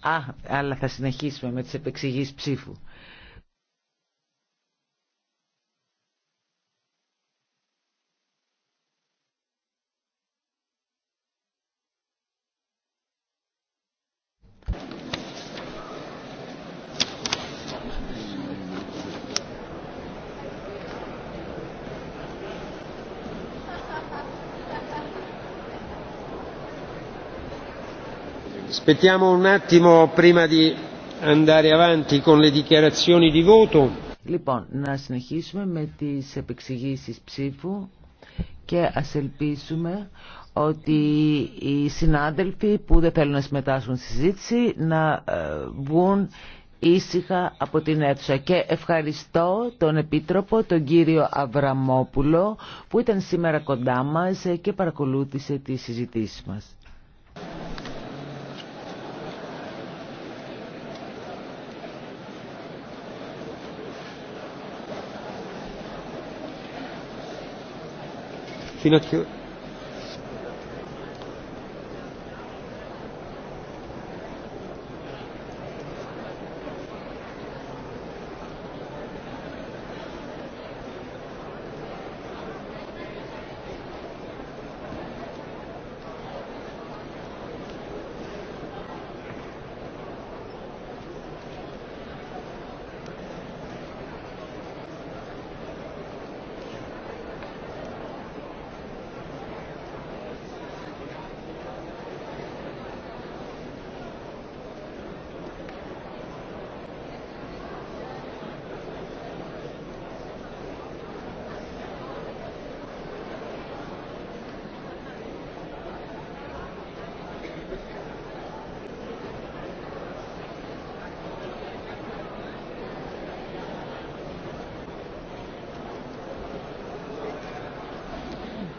Α, αλλά θα συνεχίσουμε με τις επεξηγήσεις ψήφου. Λοιπόν, να συνεχίσουμε με τις επεξηγήσεις ψήφου και ας ελπίσουμε ότι οι συνάδελφοι που δεν θέλουν να συμμετάσχουν στη συζήτηση να ε, βγουν ήσυχα από την αίθουσα και ευχαριστώ τον Επίτροπο, τον κύριο Αβραμόπουλο που ήταν σήμερα κοντά μας και παρακολούθησε τις συζητήσεις μας. Συνοχή.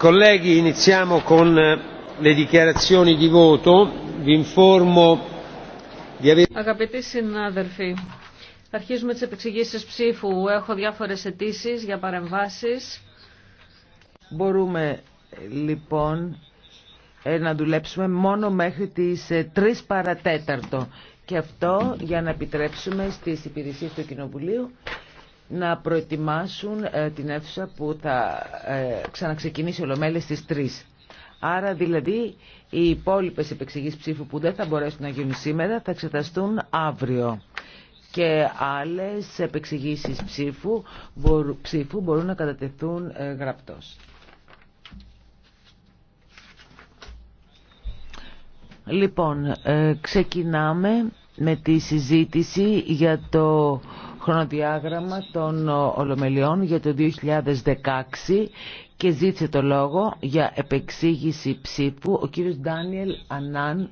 Colleghi, iniziamo Αγαπητοί συνάδελφοι, αρχίζουμε τις επεξηγήσεις ψήφου. Έχω διάφορες αιτήσει για παρεμβάσεις. Μπορούμε λοιπόν ε, να δουλέψουμε μόνο μέχρι τις 3 ε, παρατέταρτο. Και αυτό για να επιτρέψουμε στις υπηρεσίες του Κοινοβουλίου να προετοιμάσουν ε, την αίθουσα που θα ε, ξαναξεκινήσει ολομέλεια στις 3. Άρα δηλαδή οι υπόλοιπες επεξηγήσεις ψήφου που δεν θα μπορέσουν να γίνουν σήμερα θα εξεταστούν αύριο. Και άλλες επεξηγήσεις ψήφου, ψήφου μπορούν να κατατεθούν ε, γραπτός. Λοιπόν, ξεκινάμε με τη συζήτηση για το χρονοδιάγραμμα των ε, Ολομελιών για το 2016 και ζήτησε το λόγο για επεξήγηση ψήφου ο κύριος Ντάνιελ Ανάν.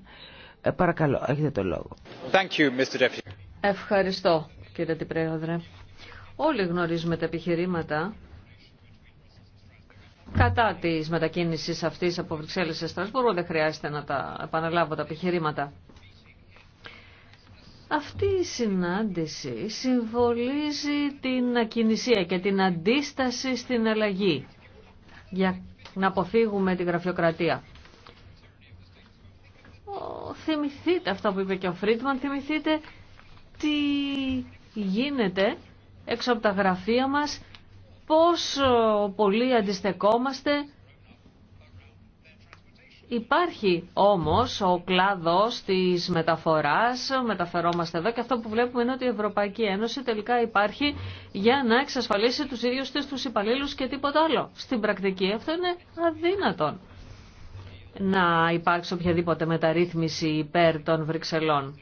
Ε, παρακαλώ, έχετε το λόγο. Thank you, Mr. Ευχαριστώ, κύριε Τιπρέοδρε. Όλοι γνωρίζουμε τα επιχειρήματα κατά της μετακίνησης αυτής από Βρυξέλλες σε Στρασβούργο. Δεν χρειάζεται να τα επαναλάβω τα επιχειρήματα. Αυτή η συνάντηση συμβολίζει την ακινησία και την αντίσταση στην αλλαγή για να αποφύγουμε την γραφειοκρατία. Θυμηθείτε αυτό που είπε και ο Φρίτμαν, θυμηθείτε τι γίνεται έξω από τα γραφεία μας, πόσο πολύ αντιστεκόμαστε Υπάρχει όμως ο κλάδος της μεταφοράς, μεταφερόμαστε εδώ και αυτό που βλέπουμε είναι ότι η Ευρωπαϊκή Ένωση τελικά υπάρχει για να εξασφαλίσει τους ίδιους της τους υπαλλήλους και τίποτα άλλο. Στην πρακτική αυτό είναι αδύνατον να υπάρξει οποιαδήποτε μεταρρύθμιση υπέρ των Βρυξελών.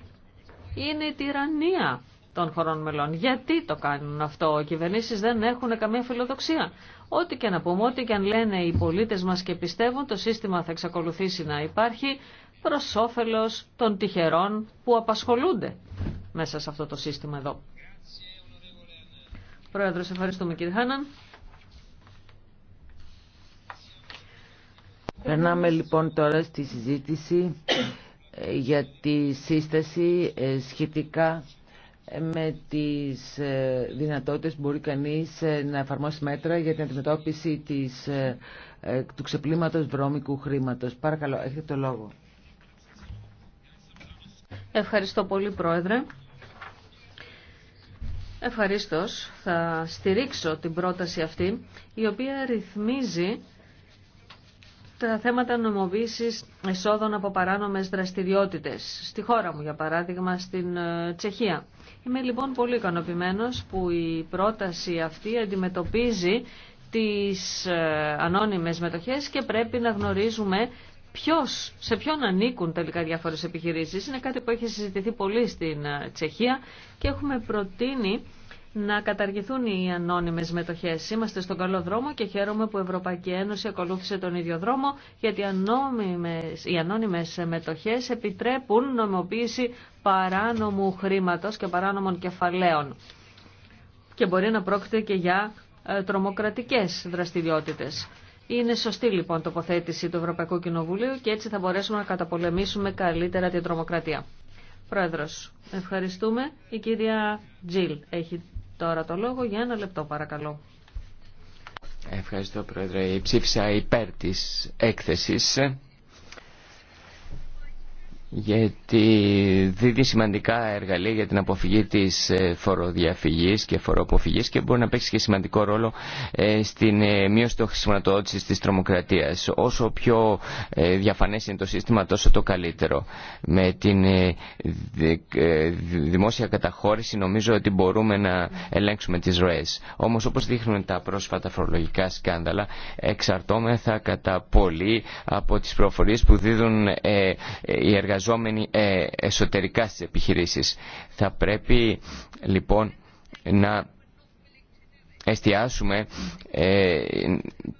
Είναι η τυραννία των χωρών μελών. Γιατί το κάνουν αυτό, οι κυβερνήσεις δεν έχουν καμία φιλοδοξία. Ό,τι και να πούμε, ό,τι και αν λένε οι πολίτες μας και πιστεύουν, το σύστημα θα εξακολουθήσει να υπάρχει προς όφελος των τυχερών που απασχολούνται μέσα σε αυτό το σύστημα εδώ. Πρόεδρος, ευχαριστούμε κύριε Χάναν. Περνάμε λοιπόν τώρα στη συζήτηση ε, για τη σύσταση ε, σχετικά με τις ε, δυνατότητες που μπορεί κανείς ε, να εφαρμόσει μέτρα για την αντιμετώπιση της, ε, του ξεπλήματος βρώμικου χρήματος. Παρακαλώ, έχετε το λόγο. Ευχαριστώ πολύ, Πρόεδρε. Ευχαριστώ. Θα στηρίξω την πρόταση αυτή, η οποία ρυθμίζει τα θέματα νομοποίησης εσόδων από παράνομες δραστηριότητες. Στη χώρα μου, για παράδειγμα, στην Τσεχία. Είμαι λοιπόν πολύ ικανοποιημένο που η πρόταση αυτή αντιμετωπίζει τις ε, ανώνυμες μετοχές και πρέπει να γνωρίζουμε ποιος, σε ποιον ανήκουν τελικά διάφορες επιχειρήσεις. Είναι κάτι που έχει συζητηθεί πολύ στην ε, Τσεχία και έχουμε προτείνει να καταργηθούν οι ανώνυμες μετοχές. Είμαστε στον καλό δρόμο και χαίρομαι που η Ευρωπαϊκή Ένωση ακολούθησε τον ίδιο δρόμο γιατί οι ανώνυμες μετοχές επιτρέπουν νομιμοποίηση παράνομου χρήματος και παράνομων κεφαλαίων και μπορεί να πρόκειται και για ε, τρομοκρατικές δραστηριότητες. Είναι σωστή λοιπόν τοποθέτηση του Ευρωπαϊκού Κοινοβουλίου και έτσι θα μπορέσουμε να καταπολεμήσουμε καλύτερα την τρομοκρατία. Πρόεδρος, ευχαριστούμε. Η κυρία Τζιλ έχει τώρα το λόγο για ένα λεπτό παρακαλώ. Ευχαριστώ Πρόεδρε. Ψήφισα υπέρ της έκθεσης γιατί δίδει σημαντικά εργαλεία για την αποφυγή της ε, φοροδιαφυγής και φοροαποφυγής και μπορεί να παίξει και σημαντικό ρόλο ε, στην ε, μείωση των χρηματοδότησης της τρομοκρατίας. Όσο πιο διαφανές είναι το σύστημα τόσο το καλύτερο. Με την δημόσια καταχώρηση νομίζω ότι μπορούμε να ελέγξουμε τις ροές. Όμως όπως δείχνουν τα πρόσφατα φορολογικά σκάνδαλα εξαρτώμεθα κατά πολύ από τις προφορίες που δίδουν οι εργαζόμενοι ε, εσωτερικά στις επιχειρήσεις. Θα πρέπει λοιπόν να εστιάσουμε ε,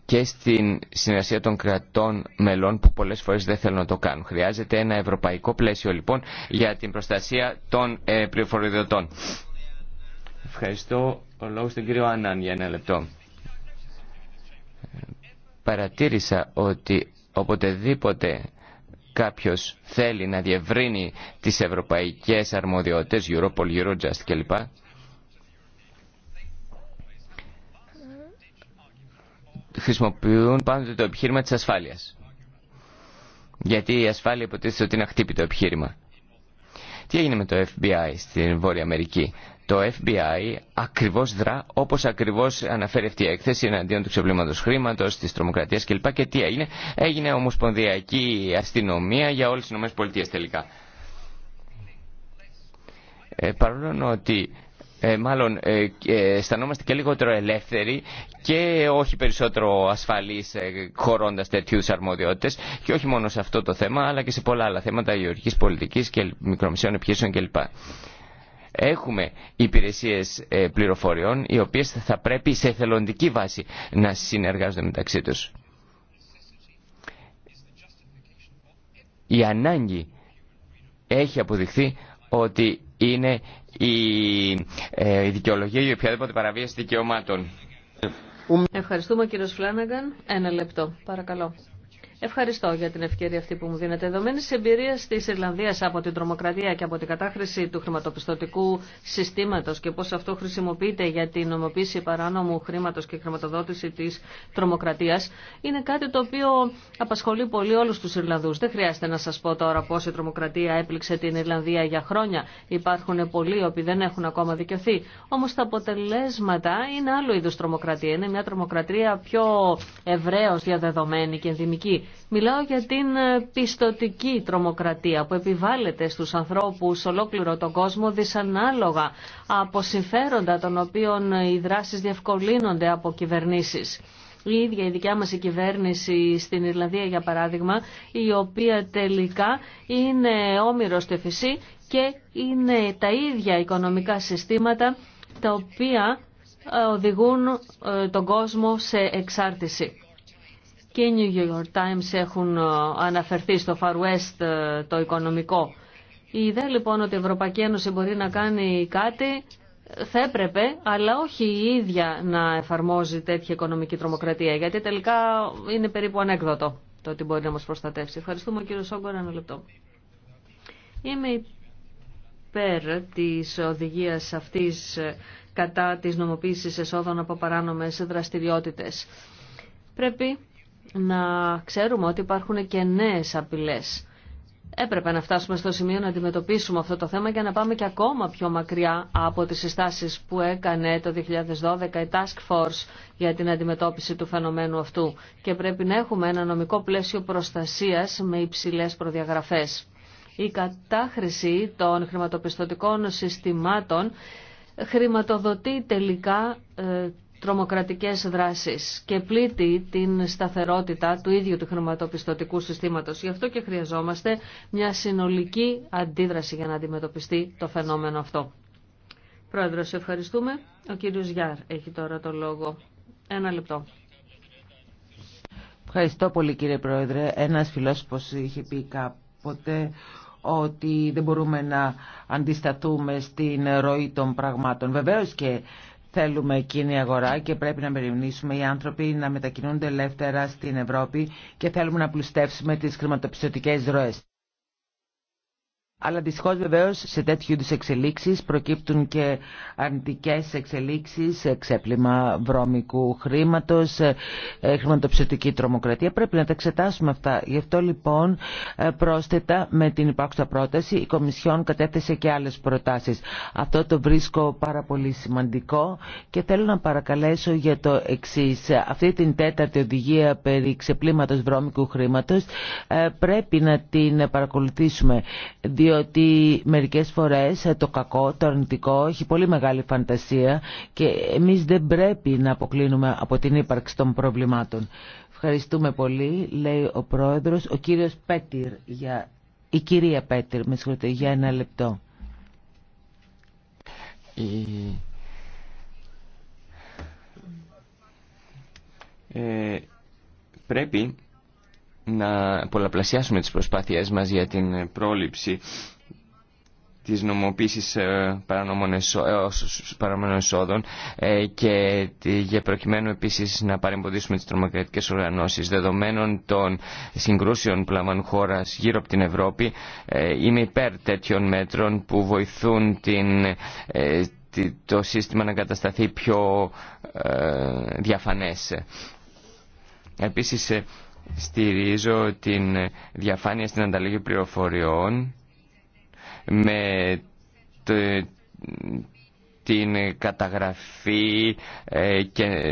και στην συνεργασία των κρατών μελών που πολλές φορές δεν θέλουν να το κάνουν. Χρειάζεται ένα ευρωπαϊκό πλαίσιο λοιπόν για την προστασία των ε, πληροφοριοδοτών. Ευχαριστώ. Ο λόγος στον κύριο Ανάν για ένα λεπτό. Παρατήρησα ότι οποτεδήποτε κάποιος θέλει να διευρύνει τις ευρωπαϊκές αρμοδιότητες, Europol, Eurojust κλπ. Χρησιμοποιούν πάντοτε το επιχείρημα της ασφάλειας. Γιατί η ασφάλεια υποτίθεται ότι είναι αχτύπητο επιχείρημα. Τι έγινε με το FBI στην Βόρεια Αμερική. Το FBI ακριβώς δρά, όπως ακριβώς αναφέρει αυτή η έκθεση εναντίον του ξεπλήματος χρήματος, της τρομοκρατίας κλπ. Και τι έγινε. Έγινε ομοσπονδιακή αστυνομία για όλες τις ΗΠΑ τελικά. Ε, παρόλο ότι ε, μάλλον ε, ε, αισθανόμαστε και λιγότερο ελεύθεροι και όχι περισσότερο ασφαλείς ε, χωρώντας τέτοιου αρμοδιότητες και όχι μόνο σε αυτό το θέμα αλλά και σε πολλά άλλα θέματα γεωργικής πολιτικής και μικρομεσαίων επιχειρήσεων κλπ. Έχουμε υπηρεσίες ε, πληροφοριών οι οποίες θα πρέπει σε εθελοντική βάση να συνεργάζονται μεταξύ τους. Η ανάγκη έχει αποδειχθεί ότι είναι η ε, δικαιολογία για οποιαδήποτε παραβίαση δικαιωμάτων. Ευχαριστούμε κύριο Φλάνναγκαν. Ένα λεπτό, παρακαλώ. Ευχαριστώ για την ευκαιρία αυτή που μου δίνετε. Δεδομένη τη εμπειρία τη Ιρλανδία από την τρομοκρατία και από την κατάχρηση του χρηματοπιστωτικού συστήματο και πώ αυτό χρησιμοποιείται για την νομοποίηση παράνομου χρήματο και χρηματοδότηση τη τρομοκρατία, είναι κάτι το οποίο απασχολεί πολύ όλου του Ιρλανδού. Δεν χρειάζεται να σα πω τώρα πώ η τρομοκρατία έπληξε την Ιρλανδία για χρόνια. Υπάρχουν πολλοί οποίοι δεν έχουν ακόμα δικαιωθεί. Όμω τα αποτελέσματα είναι άλλο είδου τρομοκρατία. Είναι μια τρομοκρατία πιο ευρέω διαδεδομένη και ενδυμική Μιλάω για την ε, πιστοτική τρομοκρατία που επιβάλλεται στους ανθρώπους ολόκληρο τον κόσμο δυσανάλογα από συμφέροντα των οποίων ε, οι δράσεις διευκολύνονται από κυβερνήσεις. Η ίδια η δικιά μας κυβέρνηση στην Ιρλανδία για παράδειγμα, η οποία τελικά είναι όμοιρος του φύση και είναι τα ίδια οικονομικά συστήματα τα οποία ε, οδηγούν τον κόσμο σε εξάρτηση και οι New York Times έχουν ε, αναφερθεί στο Far West ε, το οικονομικό. Η ιδέα λοιπόν ότι η Ευρωπαϊκή Ένωση μπορεί να κάνει κάτι ε, θα έπρεπε, αλλά όχι η ίδια να εφαρμόζει τέτοια οικονομική τρομοκρατία, γιατί τελικά είναι περίπου ανέκδοτο το ότι μπορεί να μας προστατεύσει. Ευχαριστούμε κύριο Σόγκορα, ένα λεπτό. Είμαι υπέρ της οδηγίας αυτής κατά της νομοποίησης εσόδων από παράνομες δραστηριότητες. Πρέπει να ξέρουμε ότι υπάρχουν και νέε απειλέ. Έπρεπε να φτάσουμε στο σημείο να αντιμετωπίσουμε αυτό το θέμα και να πάμε και ακόμα πιο μακριά από τις συστάσεις που έκανε το 2012 η Task Force για την αντιμετώπιση του φαινομένου αυτού και πρέπει να έχουμε ένα νομικό πλαίσιο προστασίας με υψηλές προδιαγραφές. Η κατάχρηση των χρηματοπιστωτικών συστημάτων χρηματοδοτεί τελικά ε, τρομοκρατικές δράσεις και πλήττει την σταθερότητα του ίδιου του χρηματοπιστωτικού συστήματος. Γι' αυτό και χρειαζόμαστε μια συνολική αντίδραση για να αντιμετωπιστεί το φαινόμενο αυτό. Πρόεδρο, σε ευχαριστούμε. Ο κύριος Γιάρ έχει τώρα το λόγο. Ένα λεπτό. Ευχαριστώ πολύ κύριε Πρόεδρε. Ένας φιλόσοφος είχε πει κάποτε ότι δεν μπορούμε να αντισταθούμε στην ροή των πραγμάτων. Βεβαίως και Θέλουμε εκείνη η αγορά και πρέπει να μεριμνήσουμε οι άνθρωποι να μετακινούνται ελεύθερα στην Ευρώπη και θέλουμε να πλουστεύσουμε τις χρηματοπιστωτικές ροές. Αλλά δυστυχώ βεβαίω σε τέτοιου είδου εξελίξει προκύπτουν και αρνητικέ εξελίξει, ξέπλυμα βρώμικου χρήματο, ε, ε, χρηματοψηφιακή τρομοκρατία. Πρέπει να τα εξετάσουμε αυτά. Γι' αυτό λοιπόν ε, πρόσθετα με την υπάρχουσα πρόταση η Κομισιόν κατέθεσε και άλλε προτάσει. Αυτό το βρίσκω πάρα πολύ σημαντικό και θέλω να παρακαλέσω για το εξή. Αυτή την τέταρτη οδηγία περί ξεπλήματο βρώμικου χρήματο πρέπει να την παρακολουθήσουμε διότι μερικές φορές ε, το κακό, το αρνητικό έχει πολύ μεγάλη φαντασία και εμείς δεν πρέπει να αποκλίνουμε από την ύπαρξη των προβλημάτων. Ευχαριστούμε πολύ, λέει ο Πρόεδρος, ο κύριος Πέτυρ, για... η κυρία Πέτυρ, με συγχωρείτε, για ένα λεπτό. Ε, πρέπει να πολλαπλασιάσουμε τις προσπάθειές μας για την πρόληψη της νομοποίησης ε, ε, παρανομών εσόδων ε, και για προκειμένου επίσης να παρεμποδίσουμε τις τρομοκρατικές οργανώσεις δεδομένων των συγκρούσεων που λαμβάνουν χώρα γύρω από την Ευρώπη είμαι υπέρ τέτοιων μέτρων που βοηθούν το σύστημα να κατασταθεί πιο διαφανές. Επίσης στηρίζω την διαφάνεια στην ανταλλαγή πληροφοριών με την καταγραφή ε,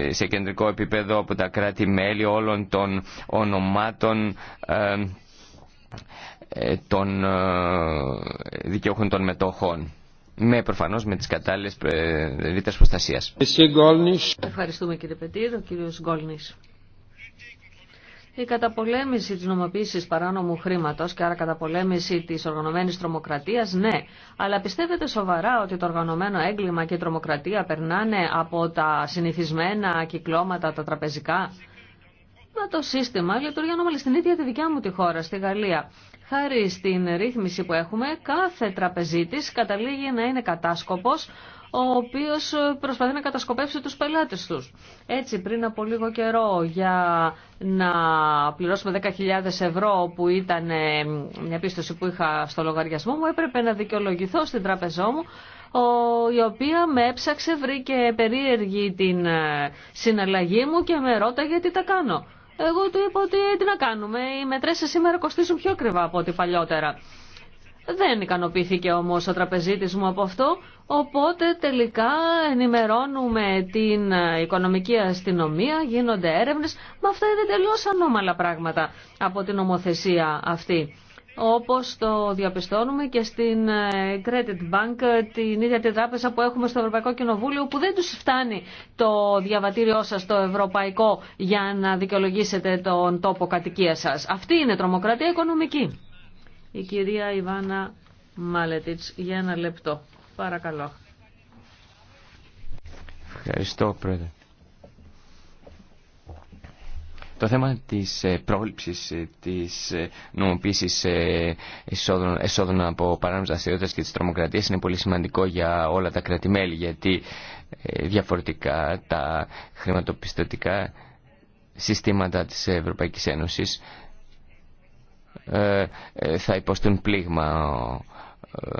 σε κεντρικό επίπεδο από τα κράτη-μέλη όλων των ονομάτων ε, ε, των δικαιούχων των μετόχων με προφανώς με τις κατάλληλες δίτες προστασίας. Ευχαριστούμε κύριε Πετήρ, ο κύριος Γκόλνης. Η καταπολέμηση της νομοποίησης παράνομου χρήματος και άρα καταπολέμηση της οργανωμένης τρομοκρατίας, ναι. Αλλά πιστεύετε σοβαρά ότι το οργανωμένο έγκλημα και η τρομοκρατία περνάνε από τα συνηθισμένα κυκλώματα, τα τραπεζικά. Μα το σύστημα λειτουργεί ανώμαλη στην ίδια τη δικιά μου τη χώρα, στη Γαλλία. Χάρη στην ρύθμιση που έχουμε, κάθε τραπεζίτης καταλήγει να είναι κατάσκοπος ο οποίος ε, προσπαθεί να κατασκοπεύσει τους πελάτες τους. Έτσι πριν από λίγο καιρό για να πληρώσουμε 10.000 ευρώ που ήταν ε, μια πίστοση που είχα στο λογαριασμό μου έπρεπε να δικαιολογηθώ στην τράπεζό μου η οποία με έψαξε, βρήκε περίεργη την ε, συναλλαγή μου και με ρώταγε γιατί τα κάνω. Εγώ του είπα ότι τι να κάνουμε, οι μετρέσεις σήμερα κοστίζουν πιο ακριβά από ό,τι παλιότερα. Δεν ικανοποιήθηκε όμως ο τραπεζίτης μου από αυτό, οπότε τελικά ενημερώνουμε την οικονομική αστυνομία, γίνονται έρευνες, μα αυτά είναι τελείως ανώμαλα πράγματα από την ομοθεσία αυτή. Όπως το διαπιστώνουμε και στην ε, Credit Bank, την ίδια τη τράπεζα που έχουμε στο Ευρωπαϊκό Κοινοβούλιο, που δεν τους φτάνει το διαβατήριό σας το ευρωπαϊκό για να δικαιολογήσετε τον τόπο κατοικία σας. Αυτή είναι τρομοκρατία οικονομική η κυρία Ιβάνα Μάλετιτς για ένα λεπτό. Παρακαλώ. Ευχαριστώ, Πρόεδρε. Το θέμα της ε, πρόληψης ε, της ε, νομοποίησης εσόδων, από παράνομες δραστηριότητες και της τρομοκρατίας είναι πολύ σημαντικό για όλα τα κρατημέλη γιατί διαφορετικά τα χρηματοπιστωτικά συστήματα της Ευρωπαϊκής Ένωσης ε, ε, θα υποστούν πλήγμα. Ε,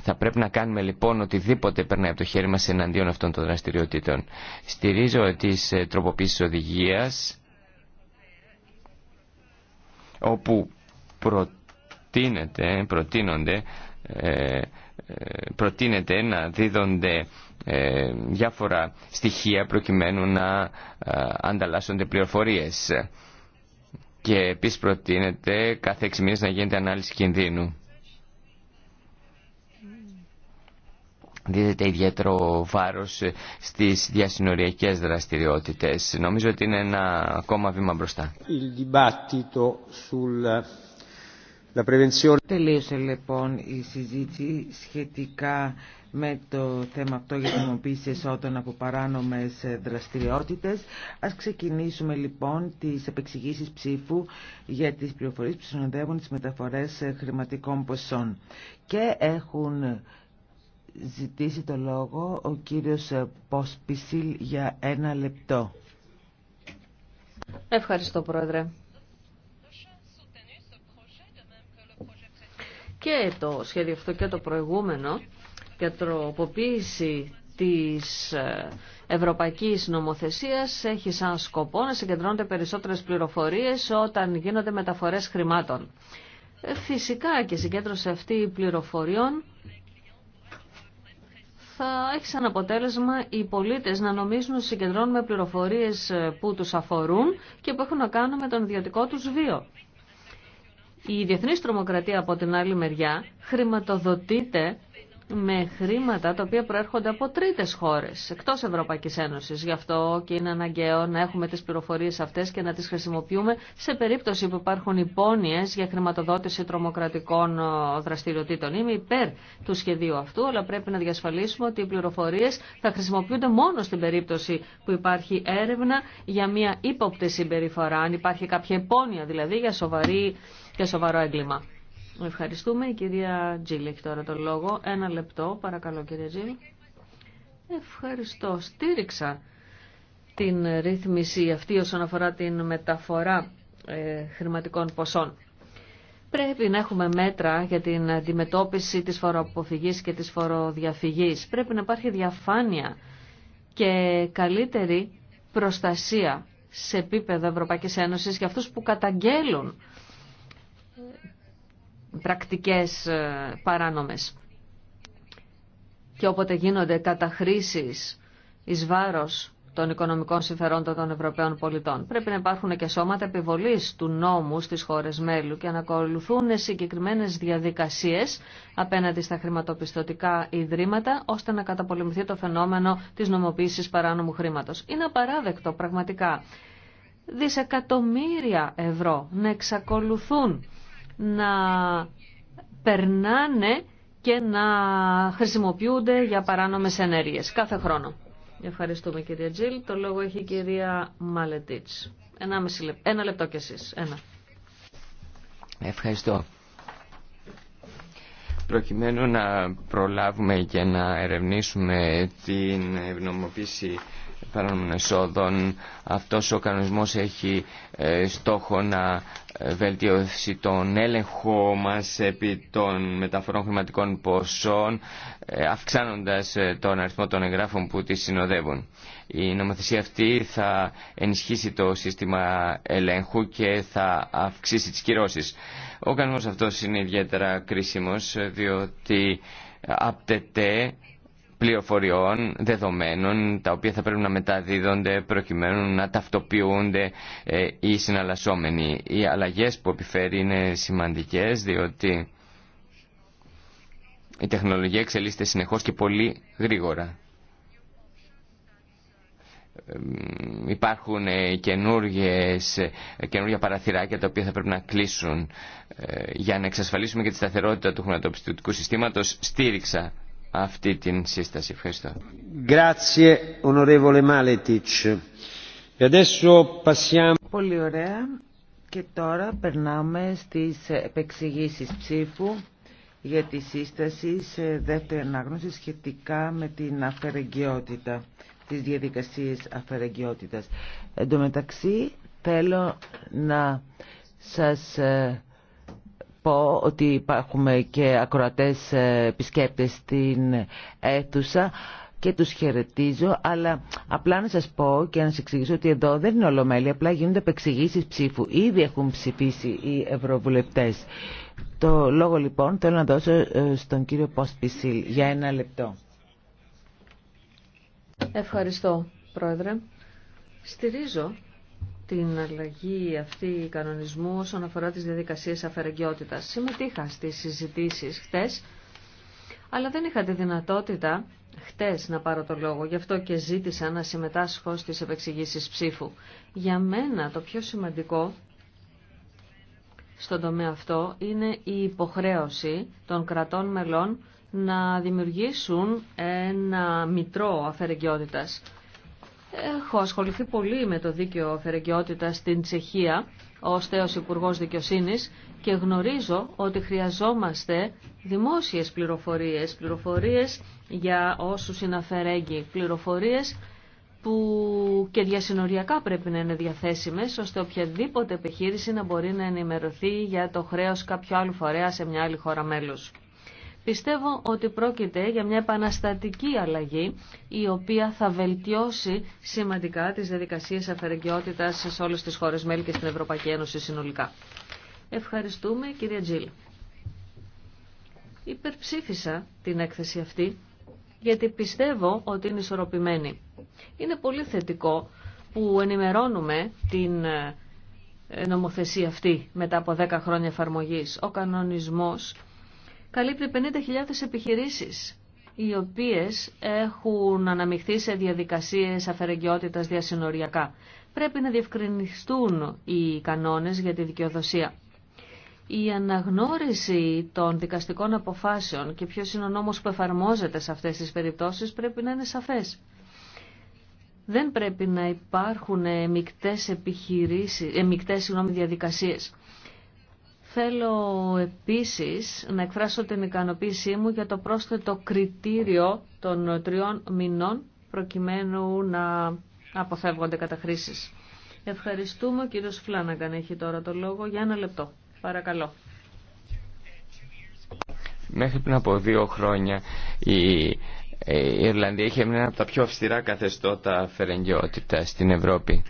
θα πρέπει να κάνουμε λοιπόν οτιδήποτε περνάει από το χέρι μας εναντίον αυτών των δραστηριοτήτων. Στηρίζω τις τροποποίησεις οδηγίας όπου προτείνεται, προτείνονται, προτείνεται να δίδονται διάφορα στοιχεία προκειμένου να ανταλλάσσονται πληροφορίες. Και επίσης προτείνεται κάθε 6 μήνες να γίνεται ανάλυση κινδύνου. δίδεται ιδιαίτερο βάρος στις διασυνοριακές δραστηριότητες. Νομίζω ότι είναι ένα ακόμα βήμα μπροστά. Τελείωσε λοιπόν η συζήτηση σχετικά με το θέμα αυτό για την ομοποίηση εσώτων από παράνομες ε, δραστηριότητες. Ας ξεκινήσουμε λοιπόν τις επεξηγήσεις ψήφου για τις πληροφορίες που συνοδεύουν τις μεταφορές ε, χρηματικών ποσών. Και έχουν ζητήσει το λόγο ο κύριος ε, Πόσπισιλ για ένα λεπτό. Ευχαριστώ Πρόεδρε. Και το σχέδιο αυτό και το προηγούμενο και τροποποίηση της ε, ευρωπαϊκής νομοθεσίας έχει σαν σκοπό να συγκεντρώνονται περισσότερες πληροφορίες όταν γίνονται μεταφορές χρημάτων. Ε, φυσικά και συγκέντρωση αυτή πληροφοριών θα έχει σαν αποτέλεσμα οι πολίτες να νομίζουν ότι συγκεντρώνουμε πληροφορίες ε, που τους αφορούν και που έχουν να κάνουν με τον ιδιωτικό τους βίο. Η διεθνής τρομοκρατία από την άλλη μεριά χρηματοδοτείται με χρήματα τα οποία προέρχονται από τρίτες χώρες εκτός Ευρωπαϊκής Ένωσης. Γι' αυτό και είναι αναγκαίο να έχουμε τις πληροφορίες αυτές και να τις χρησιμοποιούμε σε περίπτωση που υπάρχουν υπόνοιες για χρηματοδότηση τρομοκρατικών ε, δραστηριοτήτων. Είμαι υπέρ του σχεδίου αυτού, αλλά πρέπει να διασφαλίσουμε ότι οι πληροφορίες θα χρησιμοποιούνται μόνο στην περίπτωση που υπάρχει έρευνα για μια ύποπτη συμπεριφορά, αν υπάρχει κάποια υπόνοια δηλαδή για σοβαρή και σοβαρό έγκλημα. Ευχαριστούμε. Η κυρία Τζίλ έχει τώρα το λόγο. Ένα λεπτό, παρακαλώ κυρία Τζίλ. Ευχαριστώ. Στήριξα την ρύθμιση αυτή όσον αφορά την μεταφορά ε, χρηματικών ποσών. Πρέπει να έχουμε μέτρα για την αντιμετώπιση της φοροαποφυγής και της φοροδιαφυγής. Πρέπει να υπάρχει διαφάνεια και καλύτερη προστασία σε επίπεδο Ευρωπαϊκής Ένωσης για αυτούς που καταγγέλουν πρακτικές ε, παράνομες. Και όποτε γίνονται καταχρήσεις εις βάρος των οικονομικών συμφερόντων των Ευρωπαίων πολιτών. Πρέπει να υπάρχουν και σώματα επιβολής του νόμου στις χώρες μέλου και να ακολουθούν συγκεκριμένες διαδικασίες απέναντι στα χρηματοπιστωτικά ιδρύματα ώστε να καταπολεμηθεί το φαινόμενο της νομοποίησης παράνομου χρήματος. Είναι απαράδεκτο πραγματικά δισεκατομμύρια ευρώ να εξακολουθούν να περνάνε και να χρησιμοποιούνται για παράνομες ενέργειες κάθε χρόνο. Ευχαριστούμε κυρία Τζιλ. Το λόγο έχει η κυρία Μαλετίτς. Ένα, Ένα λεπτό κι εσείς. Ένα. Ευχαριστώ. Προκειμένου να προλάβουμε και να ερευνήσουμε την ευνομοποίηση παράνομων εσόδων. Αυτός ο κανονισμός έχει ε, στόχο να ε, βελτιώσει τον έλεγχο μας επί των μεταφορών χρηματικών ποσών, ε, αυξάνοντας τον αριθμό των εγγράφων που τις συνοδεύουν. Η νομοθεσία αυτή θα ενισχύσει το σύστημα ελέγχου και θα αυξήσει τις κυρώσεις. Ο κανονισμός αυτός είναι ιδιαίτερα κρίσιμος, διότι άπτεται πληροφοριών, δεδομένων, τα οποία θα πρέπει να μεταδίδονται προκειμένου να ταυτοποιούνται ε, οι συναλλασσόμενοι. Οι αλλαγές που επιφέρει είναι σημαντικές, διότι η τεχνολογία εξελίσσεται συνεχώς και πολύ γρήγορα. Υπάρχουν ε, ε, καινούργια παραθυράκια τα οποία θα πρέπει να κλείσουν για να εξασφαλίσουμε και τη σταθερότητα του χρηματοπιστωτικού συστήματος. Στήριξα αυτή την σύσταση. Ευχαριστώ. E Πολύ ωραία. Και τώρα περνάμε στις επεξηγήσεις ψήφου για τη σύσταση σε δεύτερη ανάγνωση σχετικά με την αφαιρεγκαιότητα, τις διαδικασίες αφαιρεγκαιότητας. Εν τω μεταξύ θέλω να σας ε, πω ότι υπάρχουν και ακροατές ε, επισκέπτες στην αίθουσα και τους χαιρετίζω, αλλά απλά να σας πω και να σας εξηγήσω ότι εδώ δεν είναι ολομέλεια, απλά γίνονται επεξηγήσεις ψήφου. Ήδη έχουν ψηφίσει οι ευρωβουλευτές. Το λόγο λοιπόν θέλω να δώσω ε, στον κύριο Πόσπισιλ για ένα λεπτό. Ευχαριστώ, Πρόεδρε. Στηρίζω την αλλαγή αυτή κανονισμού όσον αφορά τις διαδικασίες αφαιρεγγιότητας. Συμμετείχα στις συζητήσεις χτες, αλλά δεν είχα τη δυνατότητα χτες να πάρω το λόγο. Γι' αυτό και ζήτησα να συμμετάσχω στις επεξηγήσεις ψήφου. Για μένα το πιο σημαντικό στον τομέα αυτό είναι η υποχρέωση των κρατών μελών να δημιουργήσουν ένα μητρό αφαιρεγγιότητας Έχω ασχοληθεί πολύ με το δίκαιο φερεγκαιότητα στην Τσεχία ως θέος Υπουργός Δικαιοσύνης και γνωρίζω ότι χρειαζόμαστε δημόσιες πληροφορίες, πληροφορίες για όσους είναι αφαιρέγγοι, πληροφορίες που και διασυνοριακά πρέπει να είναι διαθέσιμες ώστε οποιαδήποτε επιχείρηση να μπορεί να ενημερωθεί για το χρέος κάποιου άλλου φορέα σε μια άλλη χώρα μέλους. Πιστεύω ότι πρόκειται για μια επαναστατική αλλαγή η οποία θα βελτιώσει σημαντικά τις διαδικασίες αφαιρεγκαιότητα σε όλες τις χώρες μέλη και στην Ευρωπαϊκή Ένωση συνολικά. Ευχαριστούμε κυρία Τζίλ. Υπερψήφισα την έκθεση αυτή γιατί πιστεύω ότι είναι ισορροπημένη. Είναι πολύ θετικό που ενημερώνουμε την ε, νομοθεσία αυτή μετά από 10 χρόνια εφαρμογής. Ο κανονισμός καλύπτει 50.000 επιχειρήσεις οι οποίες έχουν αναμειχθεί σε διαδικασίες αφαιρεγγιότητας διασυνοριακά. Πρέπει να διευκρινιστούν οι κανόνες για τη δικαιοδοσία. Η αναγνώριση των δικαστικών αποφάσεων και ποιος είναι ο νόμος που εφαρμόζεται σε αυτές τις περιπτώσεις πρέπει να είναι σαφές. Δεν πρέπει να υπάρχουν μικτές, επιχειρήσεις, ε, διαδικασίες. Θέλω επίσης να εκφράσω την ικανοποίησή μου για το πρόσθετο κριτήριο των τριών μηνών προκειμένου να αποφεύγονται καταχρήσεις. Ευχαριστούμε. Ο κύριος Φλάναγκαν έχει τώρα το λόγο για ένα λεπτό. Παρακαλώ. Μέχρι πριν από δύο χρόνια η, η Ιρλανδία είχε ένα από τα πιο αυστηρά καθεστώτα φερεγγιότητα στην Ευρώπη.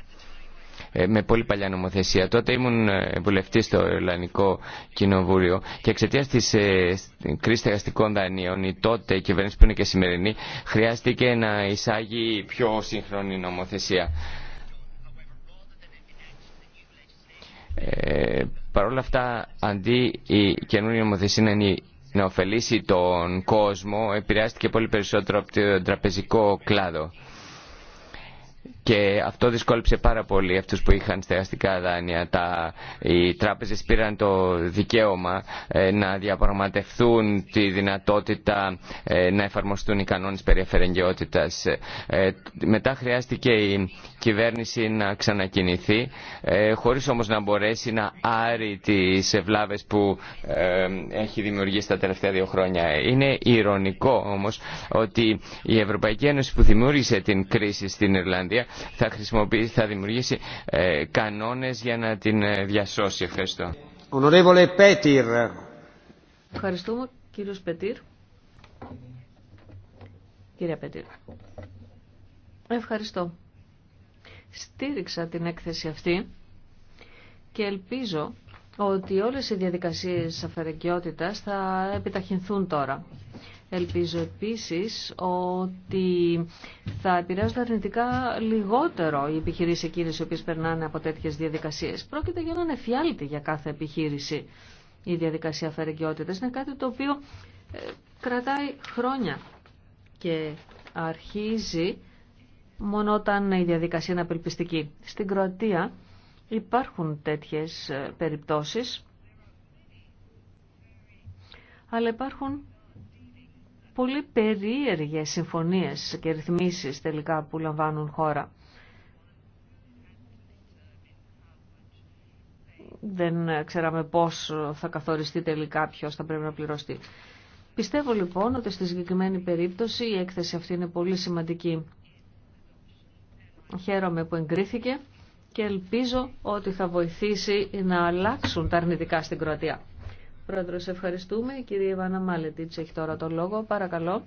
Ε, με πολύ παλιά νομοθεσία. Τότε ήμουν ε, βουλευτή στο Ελληνικό Κοινοβούλιο και εξαιτία τη ε, κρίση εργαστικών δανείων η τότε κυβέρνηση που είναι και σημερινή χρειάστηκε να εισάγει πιο σύγχρονη νομοθεσία. Ε, Παρ' όλα αυτά, αντί η καινούργια νομοθεσία να είναι να ωφελήσει τον κόσμο επηρεάστηκε πολύ περισσότερο από το τραπεζικό κλάδο και αυτό δυσκόλυψε πάρα πολύ αυτούς που είχαν στεγαστικά δάνεια. Τα, οι τράπεζες πήραν το δικαίωμα ε, να διαπραγματευτούν τη δυνατότητα ε, να εφαρμοστούν οι κανόνες περί ε, ε, μετά χρειάστηκε η κυβέρνηση να ξανακινηθεί, χωρίς όμως να μπορέσει να άρει τις ευλάβες που έχει δημιουργήσει τα τελευταία δύο χρόνια. Είναι ηρωνικό όμως ότι η Ευρωπαϊκή Ένωση που δημιούργησε την κρίση στην Ιρλανδία θα χρησιμοποιήσει, θα δημιουργήσει ε, κανόνες για να την ε, διασώσει. Ευχαριστώ. Πέτυρ. Ευχαριστούμε κύριος Πετύρ. Κύριε Πετύρ. Ευχαριστώ. Στήριξα την έκθεση αυτή και ελπίζω ότι όλες οι διαδικασίες αφαιρεγκαιότητας θα επιταχυνθούν τώρα. Ελπίζω επίσης ότι θα επηρεάζονται αρνητικά λιγότερο οι επιχειρήσεις εκείνες οι οποίες περνάνε από τέτοιες διαδικασίες. Πρόκειται για έναν εφιάλτη για κάθε επιχείρηση. Η διαδικασία αφαιρεγγιότητας είναι κάτι το οποίο ε, κρατάει χρόνια και αρχίζει μόνο όταν η διαδικασία είναι απελπιστική. Στην Κροατία υπάρχουν τέτοιες ε, περιπτώσεις, αλλά υπάρχουν πολύ περίεργες συμφωνίες και ρυθμίσεις τελικά που λαμβάνουν χώρα. Δεν ξέραμε πώς θα καθοριστεί τελικά ποιος θα πρέπει να πληρωστεί. Πιστεύω λοιπόν ότι στη συγκεκριμένη περίπτωση η έκθεση αυτή είναι πολύ σημαντική. Χαίρομαι που εγκρίθηκε και ελπίζω ότι θα βοηθήσει να αλλάξουν τα αρνητικά στην Κροατία. Πρόεδρος, ευχαριστούμε. Η κυρία Ιβάνα Μάλετιτς έχει τώρα τον λόγο. Παρακαλώ.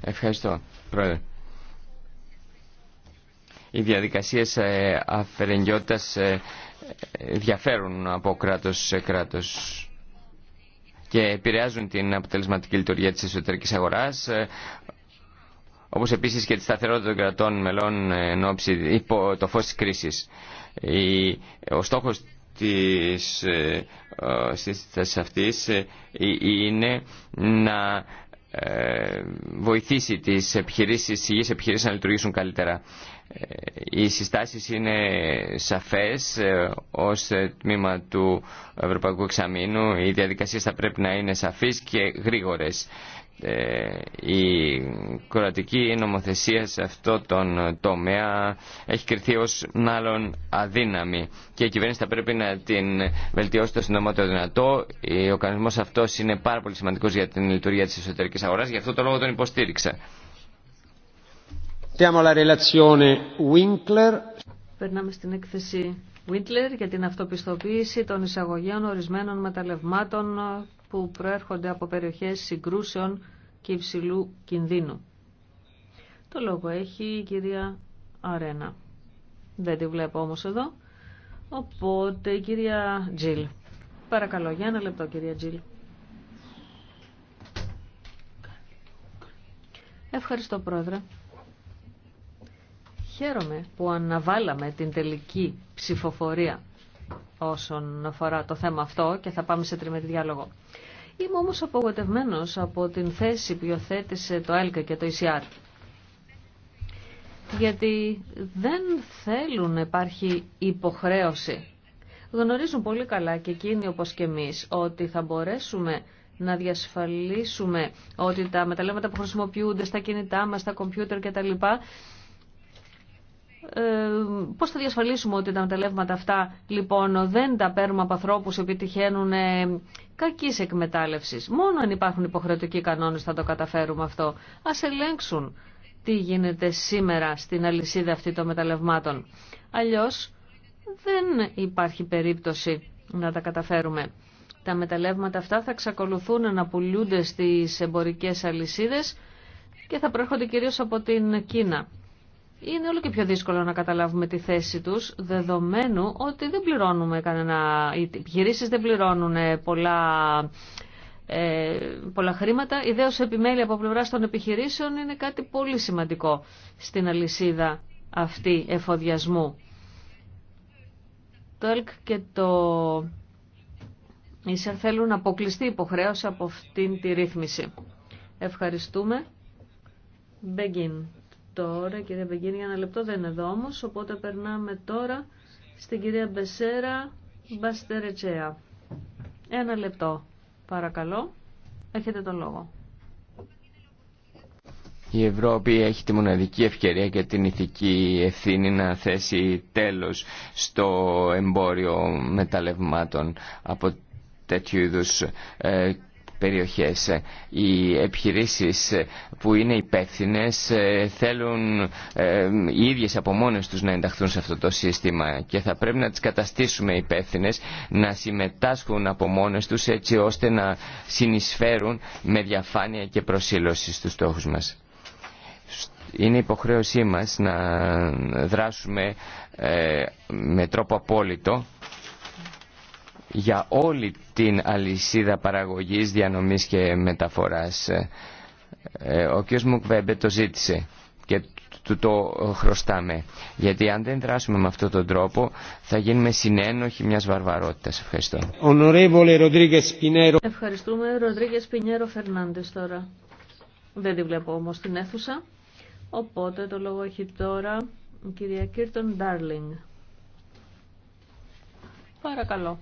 Ευχαριστώ, Πρόεδρε. Οι διαδικασίες ε, αφαιρεγγιότητας ε, διαφέρουν από κράτος σε κράτος και επηρεάζουν την αποτελεσματική λειτουργία της εσωτερικής αγοράς ε, όπως επίσης και τη σταθερότητα των κρατών μελών εν υπό το φως της κρίσης. Ο στόχος της, ε, ε, της αυτής ε, είναι να βοηθήσει τις επιχειρήσεις, τις υγιείς επιχειρήσεις να λειτουργήσουν καλύτερα. Οι συστάσεις είναι σαφές ως τμήμα του Ευρωπαϊκού Εξαμήνου. Οι διαδικασίες θα πρέπει να είναι σαφείς και γρήγορες. Ε, η κρατική νομοθεσία σε αυτό τον τομέα έχει κριθεί ως μάλλον αδύναμη και η κυβέρνηση θα πρέπει να την βελτιώσει το συντομότερο δυνατό. Ο κανονισμός αυτός είναι πάρα πολύ σημαντικός για την λειτουργία της εσωτερικής αγοράς, γι' αυτό το λόγο τον υποστήριξα. Περνάμε στην έκθεση Winkler για την αυτοπιστοποίηση των εισαγωγέων ορισμένων μεταλλευμάτων που προέρχονται από περιοχές συγκρούσεων και υψηλού κινδύνου. Το λόγο έχει η κυρία Αρένα. Δεν τη βλέπω όμως εδώ. Οπότε η κυρία Τζιλ. Παρακαλώ, για ένα λεπτό κυρία Τζιλ. Ευχαριστώ πρόεδρε. Χαίρομαι που αναβάλαμε την τελική ψηφοφορία όσον αφορά το θέμα αυτό και θα πάμε σε τριμερή διάλογο. Είμαι όμως απογοητευμένος από την θέση που υιοθέτησε το ΕΛΚΑ και το ΙΣΙΑΡ. Γιατί δεν θέλουν να υπάρχει υποχρέωση. Γνωρίζουν πολύ καλά και εκείνοι όπως και εμείς ότι θα μπορέσουμε να διασφαλίσουμε ότι τα μεταλλεύματα που χρησιμοποιούνται στα κινητά μας, στα κομπιούτερ κτλ. Ε, πώς θα διασφαλίσουμε ότι τα μεταλλεύματα αυτά λοιπόν, δεν τα παίρνουμε από ανθρώπους που επιτυχαίνουν κακή κακής εκμετάλλευσης. Μόνο αν υπάρχουν υποχρεωτικοί κανόνες θα το καταφέρουμε αυτό. Ας ελέγξουν τι γίνεται σήμερα στην αλυσίδα αυτή των μεταλλευμάτων. Αλλιώς δεν υπάρχει περίπτωση να τα καταφέρουμε. Τα μεταλλεύματα αυτά θα εξακολουθούν να πουλούνται στις εμπορικές αλυσίδες και θα προέρχονται κυρίως από την Κίνα είναι όλο και πιο δύσκολο να καταλάβουμε τη θέση τους, δεδομένου ότι δεν πληρώνουμε κανένα, οι επιχειρήσει δεν πληρώνουν ε, πολλά, ε, πολλά χρήματα. Η επιμέλεια από πλευρά των επιχειρήσεων είναι κάτι πολύ σημαντικό στην αλυσίδα αυτή εφοδιασμού. Το ΕΛΚ και το ΙΣΕΡ θέλουν να αποκλειστεί υποχρέωση από αυτήν τη ρύθμιση. Ευχαριστούμε. Begin τώρα, κύριε Βεγγίνη, για ένα λεπτό δεν είναι εδώ όμω. οπότε περνάμε τώρα στην κυρία Μπεσέρα Μπαστερετσέα. Ένα λεπτό, παρακαλώ. Έχετε τον λόγο. Η Ευρώπη έχει τη μοναδική ευκαιρία και την ηθική ευθύνη να θέσει τέλος στο εμπόριο μεταλλευμάτων από τέτοιου είδους ε, περιοχές. Οι επιχειρήσεις που είναι υπεύθυνε ε, θέλουν ε, οι ίδιες από μόνες τους να ενταχθούν σε αυτό το σύστημα και θα πρέπει να τις καταστήσουμε υπεύθυνε να συμμετάσχουν από μόνες τους έτσι ώστε να συνεισφέρουν με διαφάνεια και προσήλωση στους στόχους μας. Είναι υποχρέωσή μας να δράσουμε ε, με τρόπο απόλυτο για όλη την αλυσίδα παραγωγής, διανομής και μεταφοράς. Ε, ε, ο κ. Μουκβέμπε το ζήτησε και του το χρωστάμε. Γιατί αν δεν δράσουμε με αυτόν τον τρόπο θα γίνουμε συνένοχοι μιας βαρβαρότητας. Ευχαριστώ. Ευχαριστούμε. Ροδρίγκες Πινιέρο Φερνάντες τώρα. Δεν τη βλέπω όμως στην αίθουσα. Οπότε το λόγο έχει τώρα η κυρία Κίρτον Ντάρλινγκ. Παρακαλώ.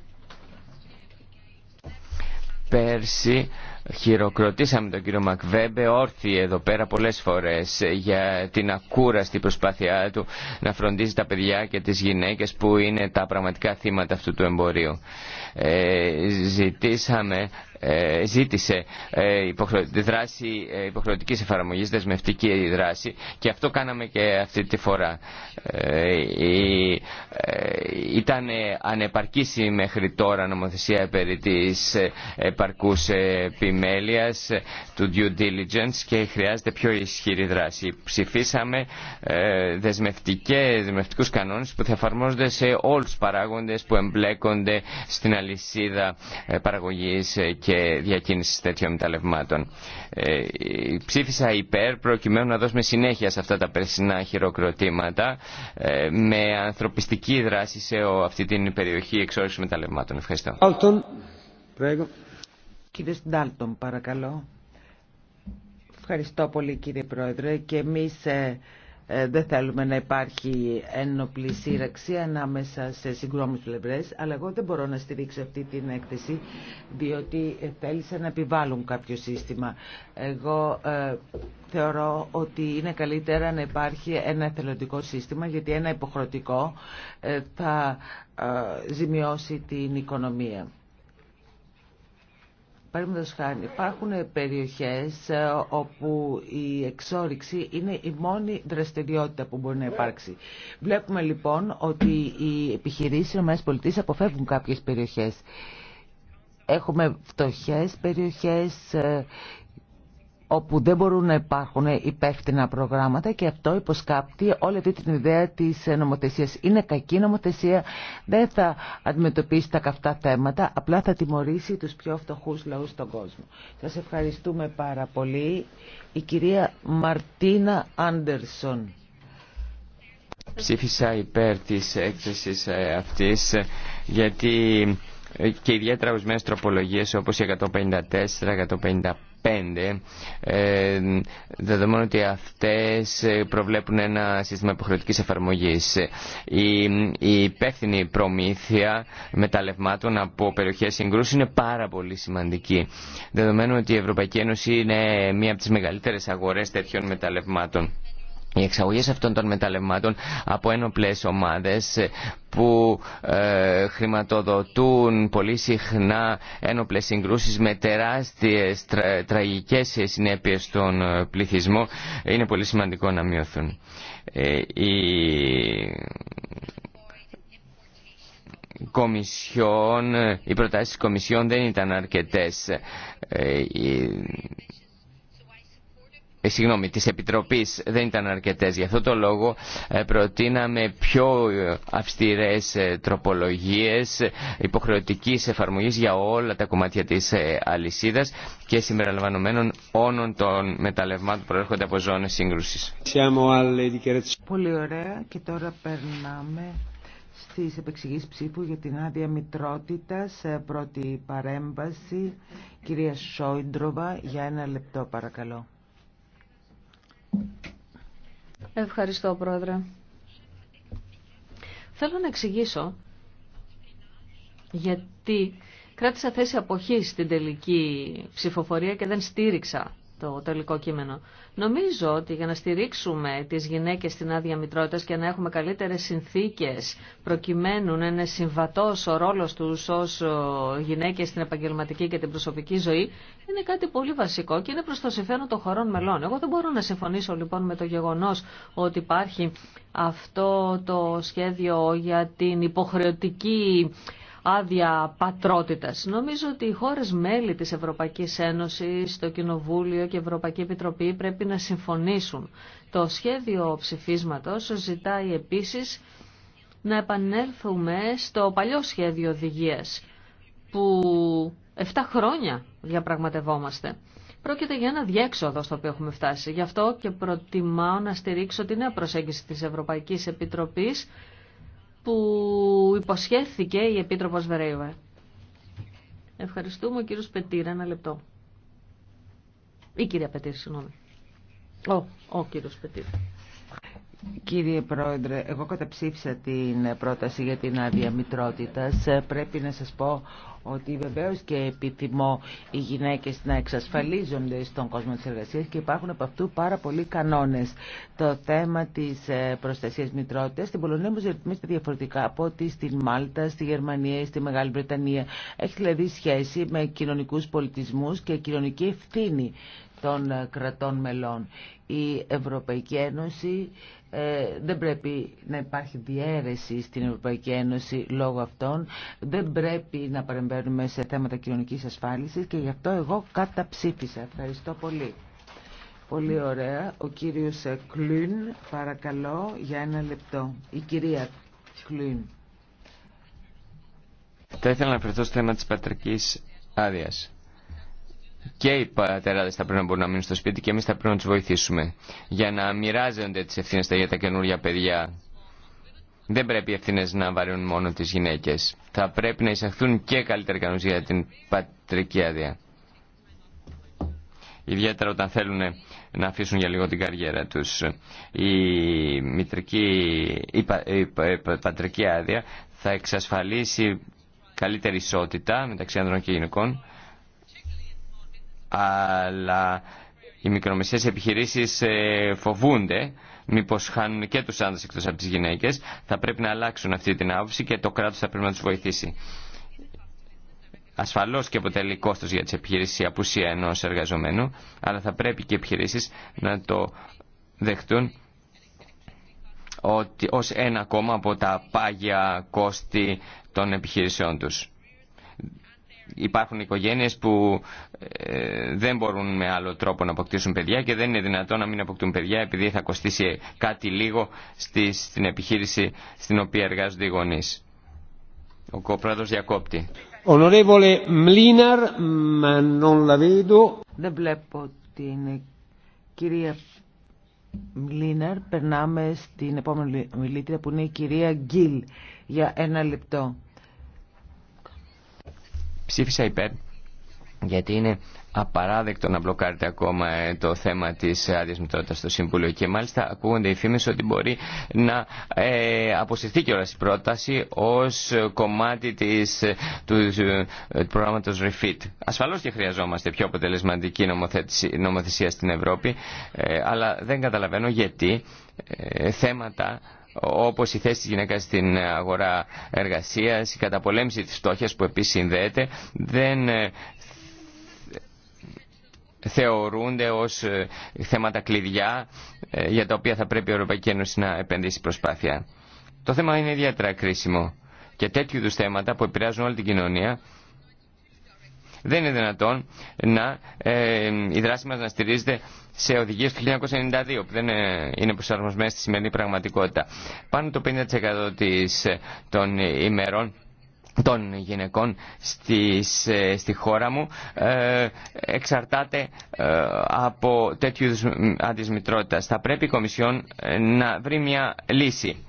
Πέρσι χειροκροτήσαμε τον κύριο Μακβέμπε όρθιοι εδώ πέρα πολλές φορές για την ακούραστη προσπάθειά του να φροντίζει τα παιδιά και τις γυναίκες που είναι τα πραγματικά θύματα αυτού του εμπορίου. Ε, ζητήσαμε ε, ζήτησε ε, τη δράση ε, υποχρεωτικής εφαρμογής, δεσμευτική δράση και αυτό κάναμε και αυτή τη φορά. Ήταν ανεπαρκής μέχρι τώρα νομοθεσία περί της επαρκούς επιμέλειας του due diligence και χρειάζεται πιο ισχυρή δράση. Ψηφίσαμε δεσμευτικές, δεσμευτικούς κανόνες που θα εφαρμόζονται σε όλους τους παράγοντες που εμπλέκονται στην αλυσίδα παραγωγής και διακίνηση τέτοιων μεταλλευμάτων. Ε, ψήφισα υπέρ προκειμένου να δώσουμε συνέχεια σε αυτά τα περσινά χειροκροτήματα ε, με ανθρωπιστική δράση σε αυτή την περιοχή εξόρισης μεταλλευμάτων. Ευχαριστώ. Κύριε Στάλτον, παρακαλώ. Ευχαριστώ πολύ κύριε Πρόεδρε και εμείς ε, ε, δεν θέλουμε να υπάρχει ένοπλη σύραξη ανάμεσα σε συγκρόμους πλευρές, αλλά εγώ δεν μπορώ να στηρίξω αυτή την έκθεση, διότι θέλησα να επιβάλλουν κάποιο σύστημα. Εγώ ε, θεωρώ ότι είναι καλύτερα να υπάρχει ένα εθελοντικό σύστημα, γιατί ένα υποχρεωτικό ε, θα ζημιώσει την οικονομία χάρη, υπάρχουν περιοχές ε, όπου η εξόριξη είναι η μόνη δραστηριότητα που μπορεί να υπάρξει. Βλέπουμε λοιπόν ότι οι επιχειρήσεις οι αποφεύγουν κάποιες περιοχές. Έχουμε φτωχές περιοχές, ε, όπου δεν μπορούν να υπάρχουν υπεύθυνα προγράμματα και αυτό υποσκάπτει όλη αυτή την ιδέα της νομοθεσίας. Είναι κακή νομοθεσία, δεν θα αντιμετωπίσει τα καυτά θέματα, απλά θα τιμωρήσει τους πιο φτωχούς λαούς στον κόσμο. Σας ευχαριστούμε πάρα πολύ. Η κυρία Μαρτίνα Άντερσον. Ψήφισα υπέρ της έκθεσης ε, αυτής γιατί ε, και ιδιαίτερα μέσα τροπολογίες όπως η 154, 155, ε, δεδομένου ότι αυτές ε, προβλέπουν ένα σύστημα υποχρεωτικής εφαρμογής. Η, η υπεύθυνη προμήθεια μεταλλευμάτων από περιοχές συγκρούσεων είναι πάρα πολύ σημαντική δεδομένου ότι η Ευρωπαϊκή Ένωση είναι μία από τις μεγαλύτερες αγορές τέτοιων μεταλλευμάτων οι εξαγωγέ αυτών των μεταλλευμάτων από ένοπλες ομάδες ε, που ε, χρηματοδοτούν πολύ συχνά ένοπλες συγκρούσεις με τεράστιες τρα, τραγικές συνέπειες στον ε, πληθυσμό είναι πολύ σημαντικό να μειωθούν. η Κομισιόν, οι προτάσεις της Κομισιόν δεν ήταν αρκετές. Ε, συγγνώμη, της Επιτροπής δεν ήταν αρκετές. Γι' αυτό το λόγο ε, προτείναμε πιο ε, αυστηρές τροπολογίες υποχρεωτικής εφαρμογής για όλα τα κομμάτια της αλυσίδας και συμπεριλαμβανομένων όνων των μεταλλευμάτων που προέρχονται από ζώνες σύγκρουσης. Πολύ ωραία και τώρα περνάμε στις επεξηγήσεις ψήφου για την άδεια μητρότητα πρώτη παρέμβαση. Κυρία Σόιντροβα, για ένα λεπτό παρακαλώ. Ευχαριστώ, Πρόεδρε. Θέλω να εξηγήσω γιατί κράτησα θέση αποχής στην τελική ψηφοφορία και δεν στήριξα το τελικό κείμενο. Νομίζω ότι για να στηρίξουμε τις γυναίκες στην άδεια μητρότητας και να έχουμε καλύτερες συνθήκες προκειμένου να είναι συμβατός ο ρόλος τους ως ε, γυναίκες στην επαγγελματική και την προσωπική ζωή είναι κάτι πολύ βασικό και είναι προς το συμφέρον των χωρών μελών. Εγώ δεν μπορώ να συμφωνήσω λοιπόν με το γεγονός ότι υπάρχει αυτό το σχέδιο για την υποχρεωτική άδεια πατρότητας. Νομίζω ότι οι χώρες μέλη της Ευρωπαϊκής Ένωσης, το Κοινοβούλιο και η Ευρωπαϊκή Επιτροπή πρέπει να συμφωνήσουν. Το σχέδιο ψηφίσματος ζητάει επίσης να επανέλθουμε στο παλιό σχέδιο οδηγία που 7 χρόνια διαπραγματευόμαστε. Πρόκειται για ένα διέξοδο στο οποίο έχουμε φτάσει. Γι' αυτό και προτιμάω να στηρίξω τη νέα προσέγγιση της Ευρωπαϊκής Επιτροπής που υποσχέθηκε η Επίτροπος Βερέιβα. Ευχαριστούμε ο κύριος Πετήρα, ένα λεπτό. Ή κυρία Πετήρ, συγγνώμη. Ο, ο κύριος Πετήρ. Κύριε Πρόεδρε, εγώ καταψήφισα την πρόταση για την άδεια μητρότητας. Πρέπει να σας πω ότι βεβαίως και επιθυμώ οι γυναίκες να εξασφαλίζονται στον κόσμο της εργασίας και υπάρχουν από αυτού πάρα πολλοί κανόνες. Το θέμα της ε, προστασίας μητρότητας στην Πολωνία μου ρυθμίζεται διαφορετικά από ότι στην Μάλτα, στη Γερμανία ή στη Μεγάλη Βρετανία. Έχει δηλαδή σχέση με κοινωνικούς πολιτισμούς και κοινωνική ευθύνη των ε, κρατών μελών η Ευρωπαϊκή Ένωση ε, δεν πρέπει να υπάρχει διαίρεση στην Ευρωπαϊκή Ένωση λόγω αυτών. Δεν πρέπει να παρεμβαίνουμε σε θέματα κοινωνικής ασφάλισης και γι' αυτό εγώ καταψήφισα. Ευχαριστώ πολύ. Πολύ ωραία. Ο κύριος Κλούν, παρακαλώ, για ένα λεπτό. Η κυρία Κλούν. Θα ήθελα να αφαιρθώ στο θέμα της πατρικής άδειας και οι πατεράδε θα πρέπει να μπορούν να μείνουν στο σπίτι και εμεί θα πρέπει να του βοηθήσουμε για να μοιράζονται τι ευθύνε για τα καινούργια παιδιά. Δεν πρέπει οι ευθύνε να βαρύνουν μόνο τι γυναίκε. Θα πρέπει να εισαχθούν και καλύτερα κανόνε για την πατρική άδεια. Ιδιαίτερα όταν θέλουν να αφήσουν για λίγο την καριέρα του. Η, η πατρική άδεια θα εξασφαλίσει καλύτερη ισότητα μεταξύ άνδρων και γυναικών αλλά οι μικρομεσαίες επιχειρήσεις ε, φοβούνται μήπως χάνουν και τους άνδρες εκτός από τις γυναίκες. Θα πρέπει να αλλάξουν αυτή την άποψη και το κράτος θα πρέπει να τους βοηθήσει. Ασφαλώ και αποτελεί κόστο για τι επιχειρήσει η απουσία ενό εργαζομένου, αλλά θα πρέπει και οι επιχειρήσει να το δεχτούν ότι, ως ένα ακόμα από τα πάγια κόστη των επιχειρήσεών τους υπάρχουν οικογένειες που ε, δεν μπορούν με άλλο τρόπο να αποκτήσουν παιδιά και δεν είναι δυνατόν να μην αποκτούν παιδιά επειδή θα κοστίσει κάτι λίγο στην επιχείρηση στην οποία εργάζονται οι γονείς. Ο πρόεδρος διακόπτη. Δεν βλέπω την κυρία Μλίναρ. Περνάμε στην επόμενη μιλήτρια που είναι η κυρία Γκίλ για ένα λεπτό. Ψήφισα υπέρ γιατί είναι απαράδεκτο να μπλοκάρετε ακόμα ε, το θέμα της άδειας μητρότητας στο Συμβούλιο και μάλιστα ακούγονται οι φήμες ότι μπορεί να ε, αποσυρθεί και η πρόταση ως κομμάτι της, του, ε, του προγράμματος REFIT. Ασφαλώς και χρειαζόμαστε πιο αποτελεσματική νομοθεσία στην Ευρώπη, ε, αλλά δεν καταλαβαίνω γιατί θέματα όπως η θέση της γυναίκας στην αγορά εργασίας, η καταπολέμηση της φτώχειας που επίσης συνδέεται, δεν ε, θεωρούνται ως ε, θέματα κλειδιά ε, για τα οποία θα πρέπει η Ευρωπαϊκή Ένωση να επενδύσει προσπάθεια. Το θέμα είναι ιδιαίτερα κρίσιμο και τέτοιου είδου θέματα που επηρεάζουν όλη την κοινωνία δεν είναι δυνατόν να η δράση μας να στηρίζεται σε οδηγίες του 1992 που δεν ε, είναι προσαρμοσμένες στη σημερινή πραγματικότητα. Πάνω το 50% ε, των ημερών των γυναικών ε, στη χώρα μου εξαρτάται από τέτοιου αντισμητρότητας. Θα πρέπει η Κομισιόν να βρει μια λύση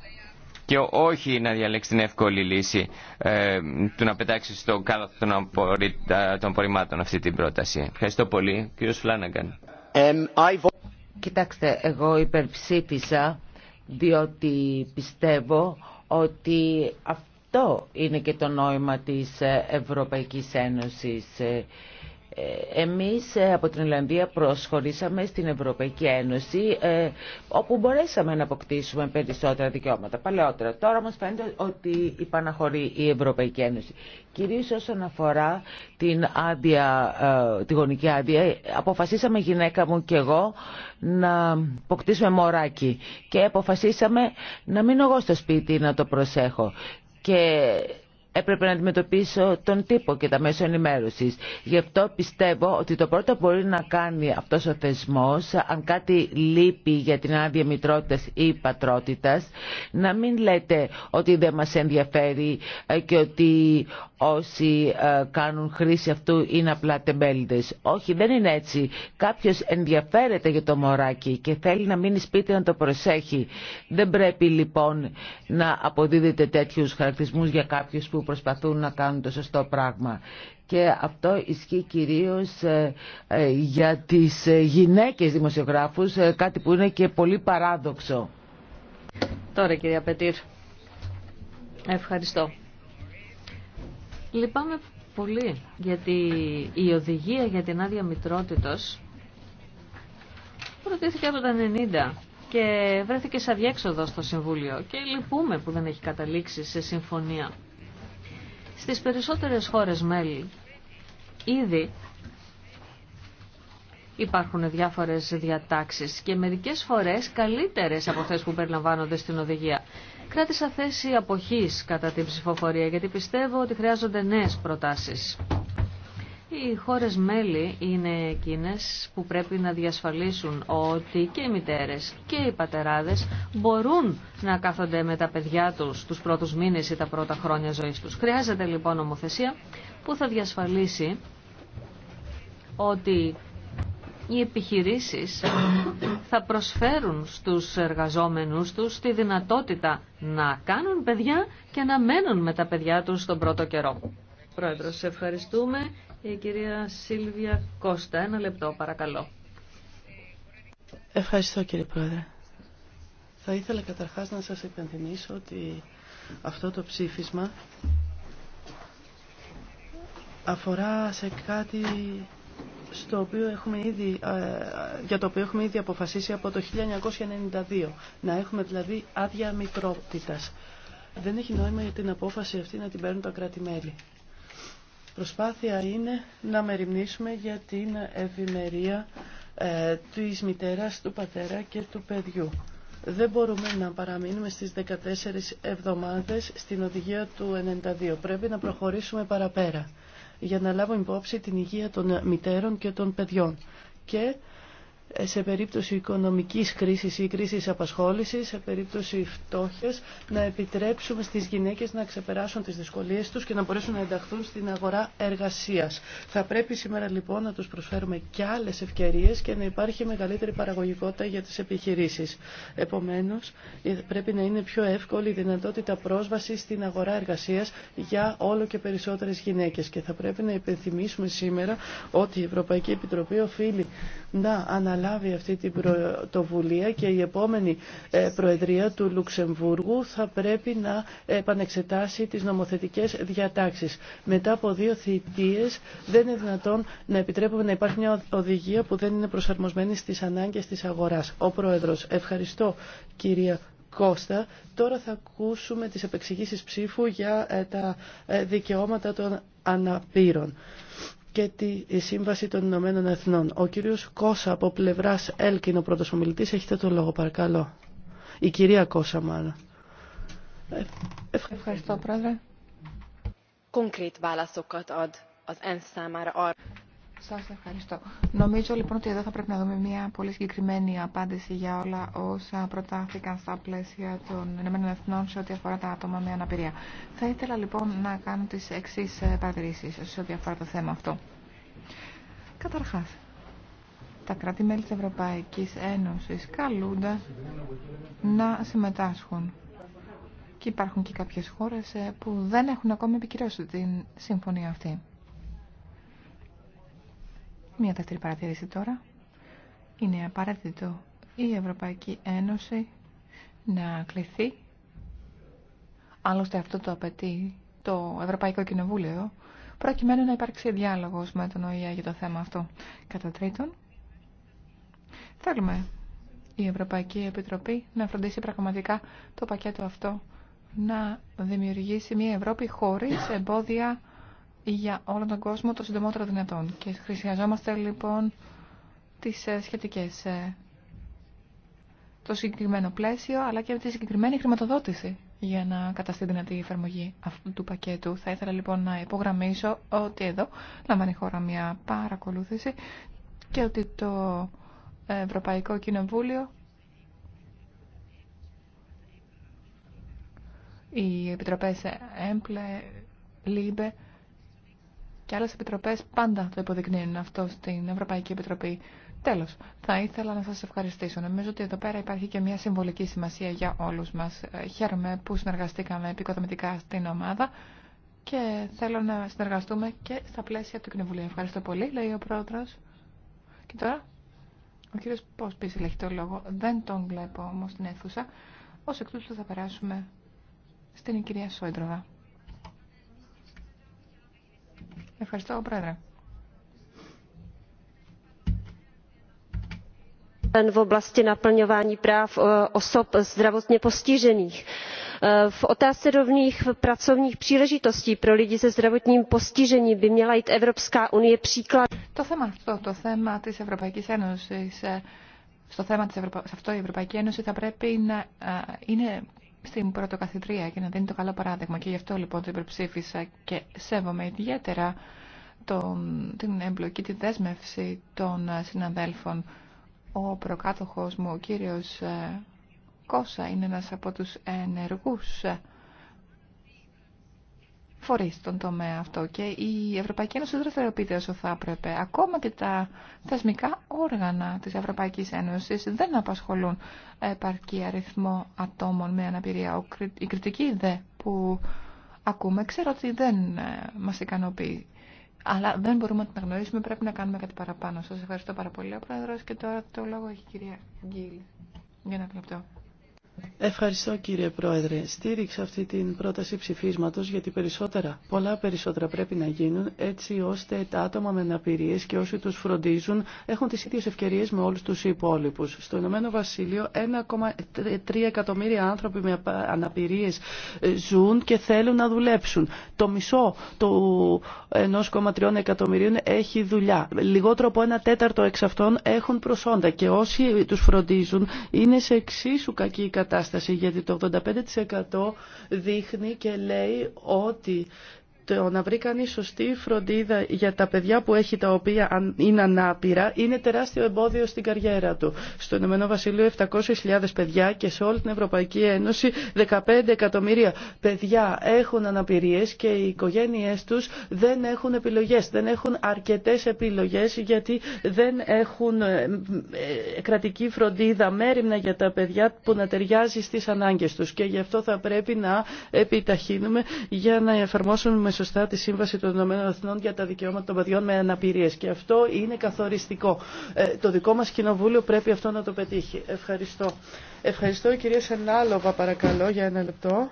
και όχι να διαλέξει την εύκολη λύση του να πετάξει στο κάτω των απορριμμάτων αυτή την πρόταση. Ευχαριστώ πολύ. Κύριος Φλάνναγκαν. Κοιτάξτε, εγώ υπερψήφισα διότι πιστεύω ότι αυτό είναι και το νόημα της Ευρωπαϊκής Ένωσης εμείς ε, από την Ολλανδία προσχωρήσαμε στην Ευρωπαϊκή Ένωση ε, όπου μπορέσαμε να αποκτήσουμε περισσότερα δικαιώματα παλαιότερα. Τώρα μας φαίνεται ότι υπαναχωρεί η Ευρωπαϊκή Ένωση. Κυρίως όσον αφορά την άδεια, ε, τη γονική άδεια, αποφασίσαμε γυναίκα μου και εγώ να αποκτήσουμε μωράκι και αποφασίσαμε να μείνω εγώ στο σπίτι να το προσέχω. Και έπρεπε να αντιμετωπίσω τον τύπο και τα μέσα ενημέρωσης. Γι' αυτό πιστεύω ότι το πρώτο που μπορεί να κάνει αυτός ο θεσμός, αν κάτι λείπει για την άδεια μητρότητας ή πατρότητα να μην λέτε ότι δεν μας ενδιαφέρει ε, και ότι όσοι ε, κάνουν χρήση αυτού είναι απλά τεμπέλιδες. Όχι, δεν είναι έτσι. Κάποιος ενδιαφέρεται για το μωράκι και θέλει να μείνει σπίτι να το προσέχει. Δεν πρέπει λοιπόν να αποδίδετε τέτοιους χαρακτηρισμούς για κάποιους που προσπαθούν να κάνουν το σωστό πράγμα. Και αυτό ισχύει κυρίως ε, ε, για τις ε, γυναίκες δημοσιογράφους, κάτι που είναι και πολύ παράδοξο. Τώρα κυρία Πετήρ, ευχαριστώ. Λυπάμαι πολύ γιατί η οδηγία για την άδεια μητρότητος προτίθηκε από τα 90 και βρέθηκε σαν διέξοδο στο Συμβούλιο και λυπούμε που δεν έχει καταλήξει σε συμφωνία. Στις περισσότερες χώρες μέλη ήδη υπάρχουν διάφορες διατάξεις και μερικές φορές καλύτερες από αυτές που περιλαμβάνονται στην οδηγία. Κράτησα θέση αποχής κατά την ψηφοφορία γιατί πιστεύω ότι χρειάζονται νέες προτάσεις. Οι χώρες μέλη είναι εκείνες που πρέπει να διασφαλίσουν ότι και οι μητέρες και οι πατεράδες μπορούν να κάθονται με τα παιδιά τους τους πρώτους μήνες ή τα πρώτα χρόνια ζωής τους. Χρειάζεται λοιπόν νομοθεσία που θα διασφαλίσει ότι οι επιχειρήσεις θα προσφέρουν στους εργαζόμενους τους τη δυνατότητα να κάνουν παιδιά και να μένουν με τα παιδιά τους στον πρώτο καιρό. Πρόεδρος, ευχαριστούμε η κυρία Σίλβια Κώστα. Ένα λεπτό παρακαλώ. Ευχαριστώ κύριε Πρόεδρε. Θα ήθελα καταρχάς να σας υπενθυμίσω ότι αυτό το ψήφισμα αφορά σε κάτι στο οποίο έχουμε ήδη, ε, για το οποίο έχουμε ήδη αποφασίσει από το 1992, να έχουμε δηλαδή άδεια μικρότητας. Δεν έχει νόημα για την απόφαση αυτή να την παίρνουν τα κράτη-μέλη προσπάθεια είναι να μεριμνήσουμε για την ευημερία ε, της μητέρας, του πατέρα και του παιδιού. Δεν μπορούμε να παραμείνουμε στις 14 εβδομάδες στην οδηγία του 92. Πρέπει να προχωρήσουμε παραπέρα για να λάβουμε υπόψη την υγεία των μητέρων και των παιδιών. Και σε περίπτωση οικονομικής κρίσης ή κρίσης απασχόλησης, σε περίπτωση φτώχειας, να επιτρέψουμε στις γυναίκες να ξεπεράσουν τις δυσκολίες τους και να μπορέσουν να ενταχθούν στην αγορά εργασίας. Θα πρέπει σήμερα λοιπόν να τους προσφέρουμε και άλλες ευκαιρίες και να υπάρχει μεγαλύτερη παραγωγικότητα για τις επιχειρήσεις. Επομένως, ε, πρέπει να είναι πιο εύκολη η δυνατότητα πρόσβαση στην αγορά εργασίας για όλο και περισσότερες γυναίκες. Και θα πρέπει να υπενθυμίσουμε σήμερα ότι η Ευρωπαϊκή Επιτροπή οφείλει να αναλάβει αυτή την πρωτοβουλία και η επόμενη ε, Προεδρία του Λουξεμβούργου θα πρέπει να επανεξετάσει τις νομοθετικές διατάξεις. Μετά από δύο θητείες δεν είναι δυνατόν να επιτρέπουμε να υπάρχει μια οδηγία που δεν είναι προσαρμοσμένη στις ανάγκες της αγοράς. Ο Πρόεδρος, ευχαριστώ κυρία Κώστα. Τώρα θα ακούσουμε τις επεξηγήσεις ψήφου για ε, τα ε, δικαιώματα των αναπήρων και τη Σύμβαση των Ηνωμένων Εθνών. Ο κύριος Κώσα από πλευράς ΕΛΚ είναι ο πρώτος ομιλητής. Έχετε το λόγο παρακαλώ. Η κυρία Κώσα μάλλον. Ε, Ευχαριστώ πρόεδρε. Σας ευχαριστώ. Νομίζω λοιπόν ότι εδώ θα πρέπει να δούμε μια πολύ συγκεκριμένη απάντηση για όλα όσα προτάθηκαν στα πλαίσια των Ηνωμένων Εθνών σε ό,τι αφορά τα άτομα με αναπηρία. Θα ήθελα λοιπόν να κάνω τις εξή ε, παρατηρήσεις σε ό,τι αφορά το θέμα αυτό. Καταρχάς, τα κράτη-μέλη της Ευρωπαϊκής Ένωσης καλούνται να συμμετάσχουν. Και υπάρχουν και κάποιες χώρες ε, που δεν έχουν ακόμη επικυρώσει την συμφωνία αυτή. Μία δεύτερη παρατήρηση τώρα. Είναι απαραίτητο η Ευρωπαϊκή Ένωση να κληθεί. Άλλωστε αυτό το απαιτεί το Ευρωπαϊκό Κοινοβούλιο, προκειμένου να υπάρξει διάλογος με τον ΟΗΑ για το θέμα αυτό. Κατά τρίτον, θέλουμε η Ευρωπαϊκή Επιτροπή να φροντίσει πραγματικά το πακέτο αυτό να δημιουργήσει μια Ευρώπη χωρίς εμπόδια για όλο τον κόσμο το συντομότερο δυνατόν. Και χρειαζόμαστε λοιπόν τις ε, σχετικές, ε, το συγκεκριμένο πλαίσιο αλλά και τη συγκεκριμένη χρηματοδότηση για να καταστεί δυνατή η εφαρμογή αυτού του πακέτου. Θα ήθελα λοιπόν να υπογραμμίσω ότι εδώ λαμβάνει η χώρα μια παρακολούθηση και ότι το Ευρωπαϊκό Κοινοβούλιο οι επιτροπές ε, ΕΜΠΛΕ, ΛΥΜΠΕ και άλλες επιτροπές πάντα το υποδεικνύουν αυτό στην Ευρωπαϊκή Επιτροπή. Τέλος, θα ήθελα να σας ευχαριστήσω. Νομίζω ότι εδώ πέρα υπάρχει και μια συμβολική σημασία για όλους μας. Χαίρομαι που συνεργαστήκαμε επικοδομητικά στην ομάδα και θέλω να συνεργαστούμε και στα πλαίσια του Κοινοβουλίου. Ευχαριστώ πολύ, λέει ο πρόεδρος. Και τώρα, ο κύριος Πόσπης έχει το λόγο. Δεν τον βλέπω όμως στην αίθουσα. Ως εκ τούτου θα περάσουμε στην κυρία Σόιντροβα. Ευχαριστώ, Πρόεδρε. v oblasti naplňování práv osob zdravotně postižených. v otázce rovných pracovních příležitostí pro lidi se zdravotním postižením by měla jít evropská unie příklad. To to, se, στο θέμα της Ευρωπα... σε αυτό η Ευρωπαϊκή Ένωση θα πρέπει να είναι στην πρωτοκαθεδρία και να δίνει το καλό παράδειγμα. Και γι' αυτό λοιπόν το υπερψήφισα και σέβομαι ιδιαίτερα τον, την εμπλοκή, τη δέσμευση των συναδέλφων. Ο προκάτοχος μου, ο κύριος ε, Κόσα είναι ένας από τους ενεργούς φορεί τον τομέα αυτό και η Ευρωπαϊκή Ένωση δεν δραστηριοποιείται όσο θα έπρεπε. Ακόμα και τα θεσμικά όργανα της Ευρωπαϊκής Ένωσης δεν απασχολούν επαρκή αριθμό ατόμων με αναπηρία. Η κριτική δε που ακούμε ξέρω ότι δεν ε, μας ικανοποιεί. Αλλά δεν μπορούμε να την αγνοήσουμε, πρέπει να κάνουμε κάτι παραπάνω. Σα ευχαριστώ πάρα πολύ, ο πρόεδρο Και τώρα το λόγο έχει η κυρία Γκίλ. Για Ευχαριστώ κύριε Πρόεδρε. Στήριξα αυτή την πρόταση ψηφίσματο γιατί περισσότερα, πολλά περισσότερα πρέπει να γίνουν έτσι ώστε τα άτομα με αναπηρίε και όσοι του φροντίζουν έχουν τι ίδιε ευκαιρίε με όλου του υπόλοιπου. Στο Ηνωμένο Βασίλειο 1,3 εκατομμύρια άνθρωποι με αναπηρίε ε, ζουν και θέλουν να δουλέψουν. Το μισό του 1,3 εκατομμυρίων έχει δουλειά. Λιγότερο από ένα τέταρτο εξ αυτών έχουν προσόντα και όσοι του φροντίζουν είναι σε εξίσου κακή κατάσταση κατάσταση γιατί το 85% δείχνει και λέει ότι το να βρει κανεί σωστή φροντίδα για τα παιδιά που έχει τα οποία είναι ανάπηρα είναι τεράστιο εμπόδιο στην καριέρα του. Στο Ηνωμένο Βασίλειο 700.000 παιδιά και σε όλη την Ευρωπαϊκή Ένωση 15 εκατομμύρια παιδιά έχουν αναπηρίες και οι οικογένειε τους δεν έχουν επιλογές, δεν έχουν αρκετές επιλογές γιατί δεν έχουν ε, ε, κρατική φροντίδα μέρημνα για τα παιδιά που να ταιριάζει στι ανάγκε του. και γι' αυτό θα πρέπει να επιταχύνουμε για να εφαρμόσουμε σωστά τη Σύμβαση των Ηνωμένων Εθνών για τα Δικαιώματα των Παιδιών με Αναπηρίες. Και αυτό είναι καθοριστικό. Ε, το δικό μας κοινοβούλιο πρέπει αυτό να το πετύχει. Ευχαριστώ. Ευχαριστώ η κυρία Σενάλοβα παρακαλώ για ένα λεπτό.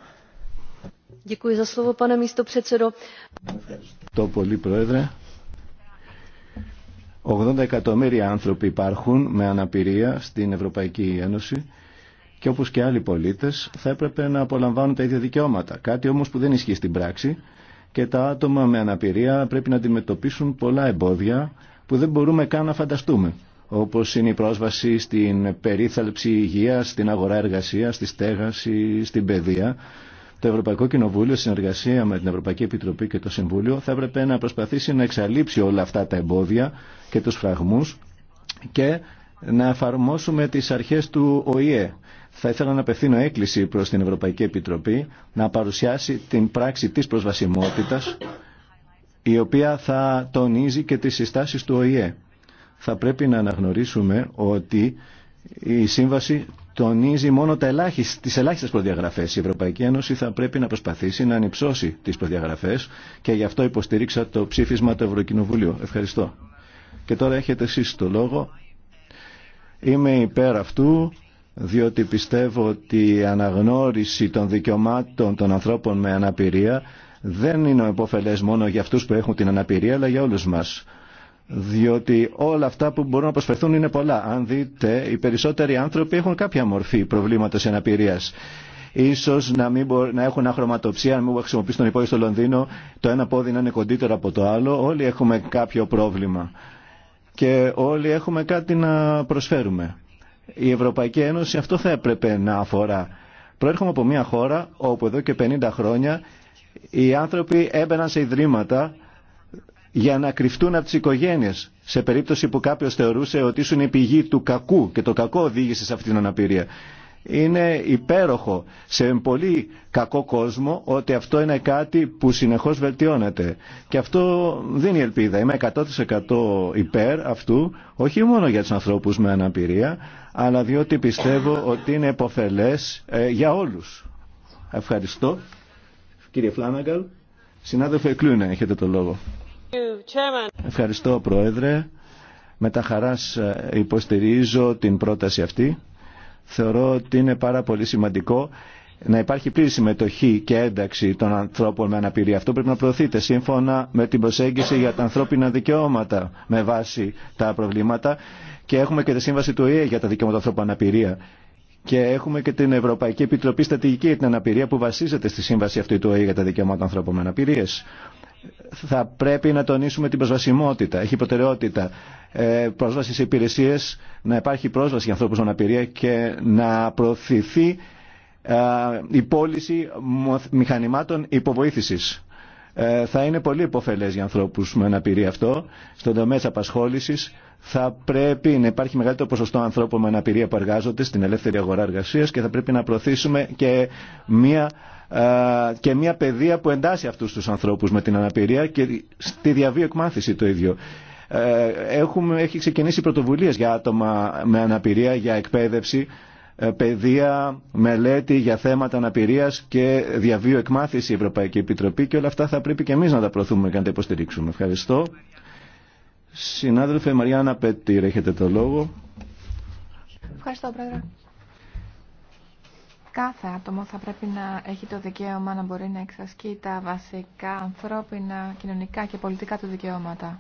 Ευχαριστώ πολύ Πρόεδρε. 80 εκατομμύρια άνθρωποι υπάρχουν με αναπηρία στην Ευρωπαϊκή Ένωση και όπως και άλλοι πολίτες θα έπρεπε να απολαμβάνουν τα ίδια δικαιώματα. Κάτι όμως που δεν ισχύει στην πράξη και τα άτομα με αναπηρία πρέπει να αντιμετωπίσουν πολλά εμπόδια που δεν μπορούμε καν να φανταστούμε όπως είναι η πρόσβαση στην περίθαλψη υγείας, στην αγορά εργασίας, στη στέγαση, στην παιδεία. Το Ευρωπαϊκό Κοινοβούλιο, συνεργασία με την Ευρωπαϊκή Επιτροπή και το Συμβούλιο, θα έπρεπε να προσπαθήσει να εξαλείψει όλα αυτά τα εμπόδια και του φραγμού και να εφαρμόσουμε τι αρχέ του ΟΗΕ θα ήθελα να απευθύνω έκκληση προς την Ευρωπαϊκή Επιτροπή να παρουσιάσει την πράξη της προσβασιμότητας η οποία θα τονίζει και τις συστάσεις του ΟΗΕ. Θα πρέπει να αναγνωρίσουμε ότι η σύμβαση τονίζει μόνο τα ελάχιστα, τις ελάχιστες προδιαγραφές. Η Ευρωπαϊκή Ένωση θα πρέπει να προσπαθήσει να ανυψώσει τις προδιαγραφές και γι' αυτό υποστήριξα το ψήφισμα του Ευρωκοινοβουλίου. Ευχαριστώ. Και τώρα έχετε εσείς το λόγο. Είμαι υπέρ αυτού διότι πιστεύω ότι η αναγνώριση των δικαιωμάτων των ανθρώπων με αναπηρία δεν είναι επωφελές μόνο για αυτούς που έχουν την αναπηρία, αλλά για όλους μας. Διότι όλα αυτά που μπορούν να προσφερθούν είναι πολλά. Αν δείτε, οι περισσότεροι άνθρωποι έχουν κάποια μορφή προβλήματος αναπηρίας. Ίσως να, μην να έχουν αχρωματοψία, αν μην χρησιμοποιήσουν τον υπόλοιπο στο Λονδίνο, το ένα πόδι να είναι κοντύτερο από το άλλο, όλοι έχουμε κάποιο πρόβλημα. Και όλοι έχουμε κάτι να προσφέρουμε η Ευρωπαϊκή Ένωση αυτό θα έπρεπε να αφορά. Προέρχομαι από μια χώρα όπου εδώ και 50 χρόνια οι άνθρωποι έμπαιναν σε ιδρύματα για να κρυφτούν από τις οικογένειες σε περίπτωση που κάποιος θεωρούσε ότι ήσουν η πηγή του κακού και το κακό οδήγησε σε αυτήν την αναπηρία. Είναι υπέροχο σε πολύ κακό κόσμο ότι αυτό είναι κάτι που συνεχώς βελτιώνεται. Και αυτό δίνει ελπίδα. Είμαι 100% υπέρ αυτού, όχι μόνο για τους ανθρώπους με αναπηρία, αλλά διότι πιστεύω ότι είναι εποφελές ε, για όλους. Ευχαριστώ. Κύριε Φλάναγκαλ, συνάδελφε Κλούνε, έχετε το λόγο. Ευχαριστώ, Πρόεδρε. Με τα χαράς ε, υποστηρίζω την πρόταση αυτή. Θεωρώ ότι είναι πάρα πολύ σημαντικό να υπάρχει πλήρη συμμετοχή και ένταξη των ανθρώπων με αναπηρία. Αυτό πρέπει να προωθείται σύμφωνα με την προσέγγιση για τα ανθρώπινα δικαιώματα με βάση τα προβλήματα και έχουμε και τη Σύμβαση του ΟΗΕ για τα δικαιώματα Ανθρώπων αναπηρία και έχουμε και την Ευρωπαϊκή Επιτροπή Στατηγική για την Αναπηρία που βασίζεται στη Σύμβαση αυτή του ΟΗΕ για τα δικαιώματα ανθρώπων με αναπηρίες. Θα πρέπει να τονίσουμε την προσβασιμότητα, έχει προτεραιότητα ε, πρόσβαση σε υπηρεσίες, να υπάρχει πρόσβαση για ανθρώπους με αναπηρία και να προωθηθεί ε, η πώληση μηχανημάτων υποβοήθησης ε, θα είναι πολύ υποφελές για ανθρώπους με αναπηρία αυτό. Στον τομέα της απασχόλησης θα πρέπει να υπάρχει μεγαλύτερο ποσοστό ανθρώπων με αναπηρία που εργάζονται στην ελεύθερη αγορά εργασίας και θα πρέπει να προωθήσουμε και μια, ε, και μια παιδεία που εντάσσει αυτούς τους ανθρώπους με την αναπηρία και στη διαβίωση εκμάθηση το ίδιο. Ε, έχουμε, έχει ξεκινήσει πρωτοβουλίες για άτομα με αναπηρία, για εκπαίδευση ε, παιδεία, μελέτη για θέματα αναπηρία και διαβίου εκμάθηση η Ευρωπαϊκή Επιτροπή και όλα αυτά θα πρέπει και εμεί να τα προωθούμε και να τα υποστηρίξουμε. Ευχαριστώ. Συνάδελφε Μαριάννα Πέττη, έχετε το λόγο. Ευχαριστώ, Πρόεδρε. Κάθε άτομο θα πρέπει να έχει το δικαίωμα να μπορεί να εξασκεί τα βασικά ανθρώπινα, κοινωνικά και πολιτικά του δικαιώματα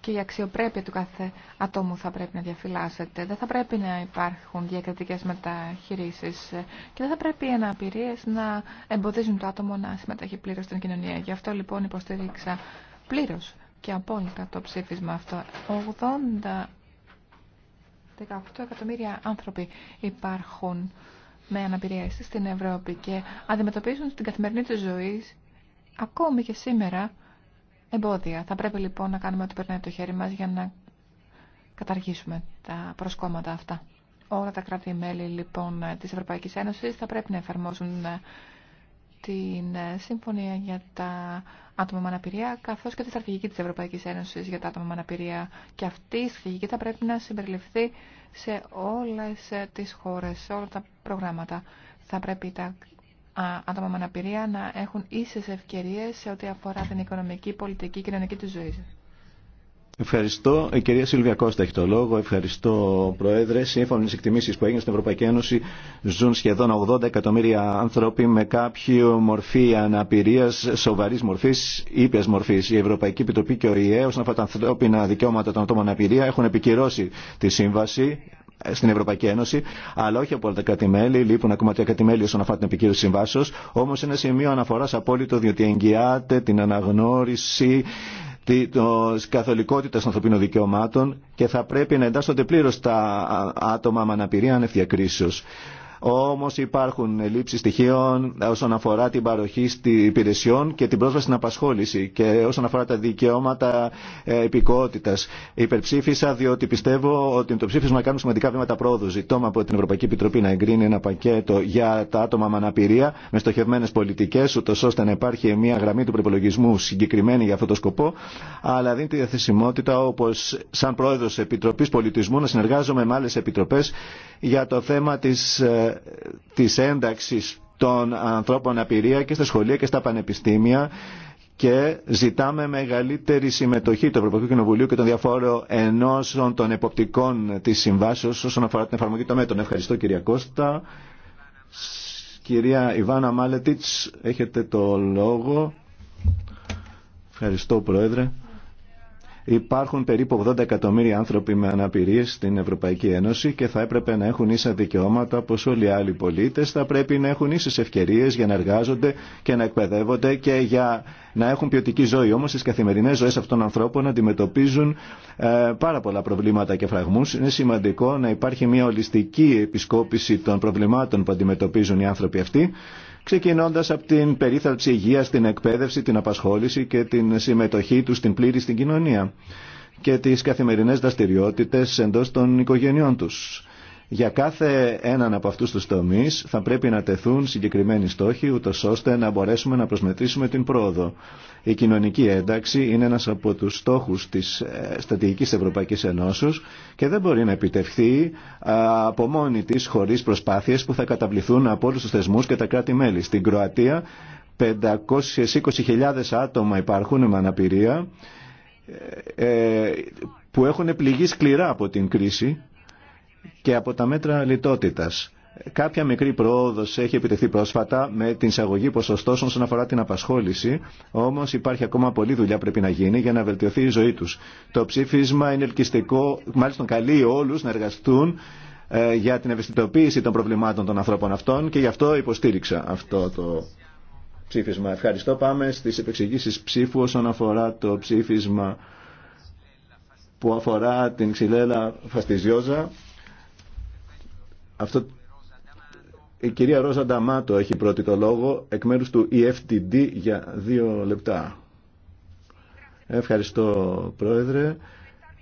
και η αξιοπρέπεια του κάθε ατόμου θα πρέπει να διαφυλάσσεται. Δεν θα πρέπει να υπάρχουν διακριτικές μεταχειρήσεις και δεν θα πρέπει οι αναπηρίες να εμποδίζουν το άτομο να συμμετέχει πλήρως στην κοινωνία. Γι' αυτό λοιπόν υποστήριξα πλήρως και απόλυτα το ψήφισμα αυτό. 80... 18 εκατομμύρια άνθρωποι υπάρχουν με αναπηρία στην Ευρώπη και αντιμετωπίζουν την καθημερινή του ζωή ακόμη και σήμερα εμπόδια. Θα πρέπει λοιπόν να κάνουμε ό,τι περνάει το χέρι μας για να καταργήσουμε τα προσκόμματα αυτά. Όλα τα κράτη-μέλη λοιπόν της Ευρωπαϊκής Ένωσης θα πρέπει να εφαρμόσουν ε, την ε, Σύμφωνια για τα άτομα με αναπηρία, καθώς και τη στρατηγική της Ευρωπαϊκής Ένωσης για τα άτομα με αναπηρία. Και αυτή η στρατηγική θα πρέπει να συμπεριληφθεί σε όλες ε, τις χώρες, σε όλα τα προγράμματα. Θα πρέπει τα άτομα με αναπηρία να έχουν ίσες ευκαιρίες σε ό,τι αφορά την οικονομική, πολιτική, κοινωνική του ζωή. Ευχαριστώ. Η κυρία Σίλβια Κώστα έχει το λόγο. Ευχαριστώ, Πρόεδρε. Σύμφωνα με τι εκτιμήσει που έγιναν στην Ευρωπαϊκή Ένωση, ζουν σχεδόν 80 εκατομμύρια άνθρωποι με κάποιο μορφή αναπηρία, σοβαρή μορφή, ήπια μορφή. Η Ευρωπαϊκή Επιτροπή και ο ΙΕ, όσον αφορά τα ανθρώπινα δικαιώματα των ατόμων αναπηρία, έχουν επικυρώσει τη σύμβαση στην Ευρωπαϊκή Ένωση, αλλά όχι από όλα τα κράτη-μέλη. Λείπουν ακόμα τα κράτη-μέλη όσον αφορά την επικύρωση συμβάσεω. Όμω είναι σημείο αναφορά απόλυτο, διότι εγγυάται την αναγνώριση τη καθολικότητα των ανθρωπίνων δικαιωμάτων και θα πρέπει να εντάσσονται πλήρω τα άτομα με αναπηρία ανευθιακρίσεω. Όμως υπάρχουν λήψεις στοιχείων όσον αφορά την παροχή υπηρεσιών και την πρόσβαση στην απασχόληση και όσον αφορά τα δικαιώματα ε, επικότητας. Υπερψήφισα διότι πιστεύω ότι το ψήφισμα κάνουμε σημαντικά βήματα πρόοδου. Ζητώ από την Ευρωπαϊκή Επιτροπή να εγκρίνει ένα πακέτο για τα άτομα με αναπηρία με στοχευμένε πολιτικέ, ούτω ώστε να υπάρχει μια γραμμή του προπολογισμού συγκεκριμένη για αυτό το σκοπό, αλλά δίνει τη διαθεσιμότητα όπω σαν πρόεδρο Επιτροπή Πολιτισμού να συνεργάζομαι με άλλε επιτροπέ για το θέμα τη ε, της ένταξης των ανθρώπων απειρία και στα σχολεία και στα πανεπιστήμια και ζητάμε μεγαλύτερη συμμετοχή του Ευρωπαϊκού Κοινοβουλίου και των διαφόρων ενώσεων των εποπτικών της συμβάσεως όσον αφορά την εφαρμογή των μέτρων. Ευχαριστώ κυρία Κώστα. Κυρία Ιβάνα Μάλετιτς, έχετε το λόγο. Ευχαριστώ Πρόεδρε. Υπάρχουν περίπου 80 εκατομμύρια άνθρωποι με αναπηρίες στην Ευρωπαϊκή Ένωση και θα έπρεπε να έχουν ίσα δικαιώματα όπως όλοι οι άλλοι πολίτες. Θα πρέπει να έχουν ίσες ευκαιρίες για να εργάζονται και να εκπαιδεύονται και για να έχουν ποιοτική ζωή. Όμως στις καθημερινές ζωές αυτών των ανθρώπων αντιμετωπίζουν ε, πάρα πολλά προβλήματα και φραγμούς. Είναι σημαντικό να υπάρχει μια ολιστική επισκόπηση των προβλημάτων που αντιμετωπίζουν οι άνθρωποι αυτοί ξεκινώντας από την περίθαλψη υγείας, την εκπαίδευση, την απασχόληση και την συμμετοχή τους στην πλήρη στην κοινωνία και τις καθημερινές δραστηριότητες εντός των οικογενειών τους. Για κάθε έναν από αυτούς τους τομείς θα πρέπει να τεθούν συγκεκριμένοι στόχοι, ούτως ώστε να μπορέσουμε να προσμετρήσουμε την πρόοδο. Η κοινωνική ένταξη είναι ένας από τους στόχους της ε, Στατηγικής Ευρωπαϊκής Ενώσεως και δεν μπορεί να επιτευχθεί από μόνη της χωρίς προσπάθειες που θα καταβληθούν από όλους τους θεσμούς και τα κράτη-μέλη. Στην Κροατία 520.000 άτομα υπάρχουν με αναπηρία ε, ε, που έχουν πληγεί σκληρά από την κρίση και από τα μέτρα λιτότητας. Κάποια μικρή πρόοδο έχει επιτεθεί πρόσφατα με την εισαγωγή ποσοστώσεων όσον αφορά την απασχόληση, όμω υπάρχει ακόμα πολλή δουλειά πρέπει να γίνει για να βελτιωθεί η ζωή του. Το ψήφισμα είναι ελκυστικό, μάλιστα καλεί όλου να εργαστούν ε, για την ευαισθητοποίηση των προβλημάτων των ανθρώπων αυτών και γι' αυτό υποστήριξα αυτό το ψήφισμα. Ευχαριστώ. Πάμε στι επεξηγήσει ψήφου όσον αφορά το ψήφισμα που αφορά την ξυλέλα Φαστιζιόζα. Αυτό... Η κυρία Ρόζα Νταμάτο έχει πρώτη το λόγο εκ μέρους του EFTD για δύο λεπτά. Ευχαριστώ Πρόεδρε.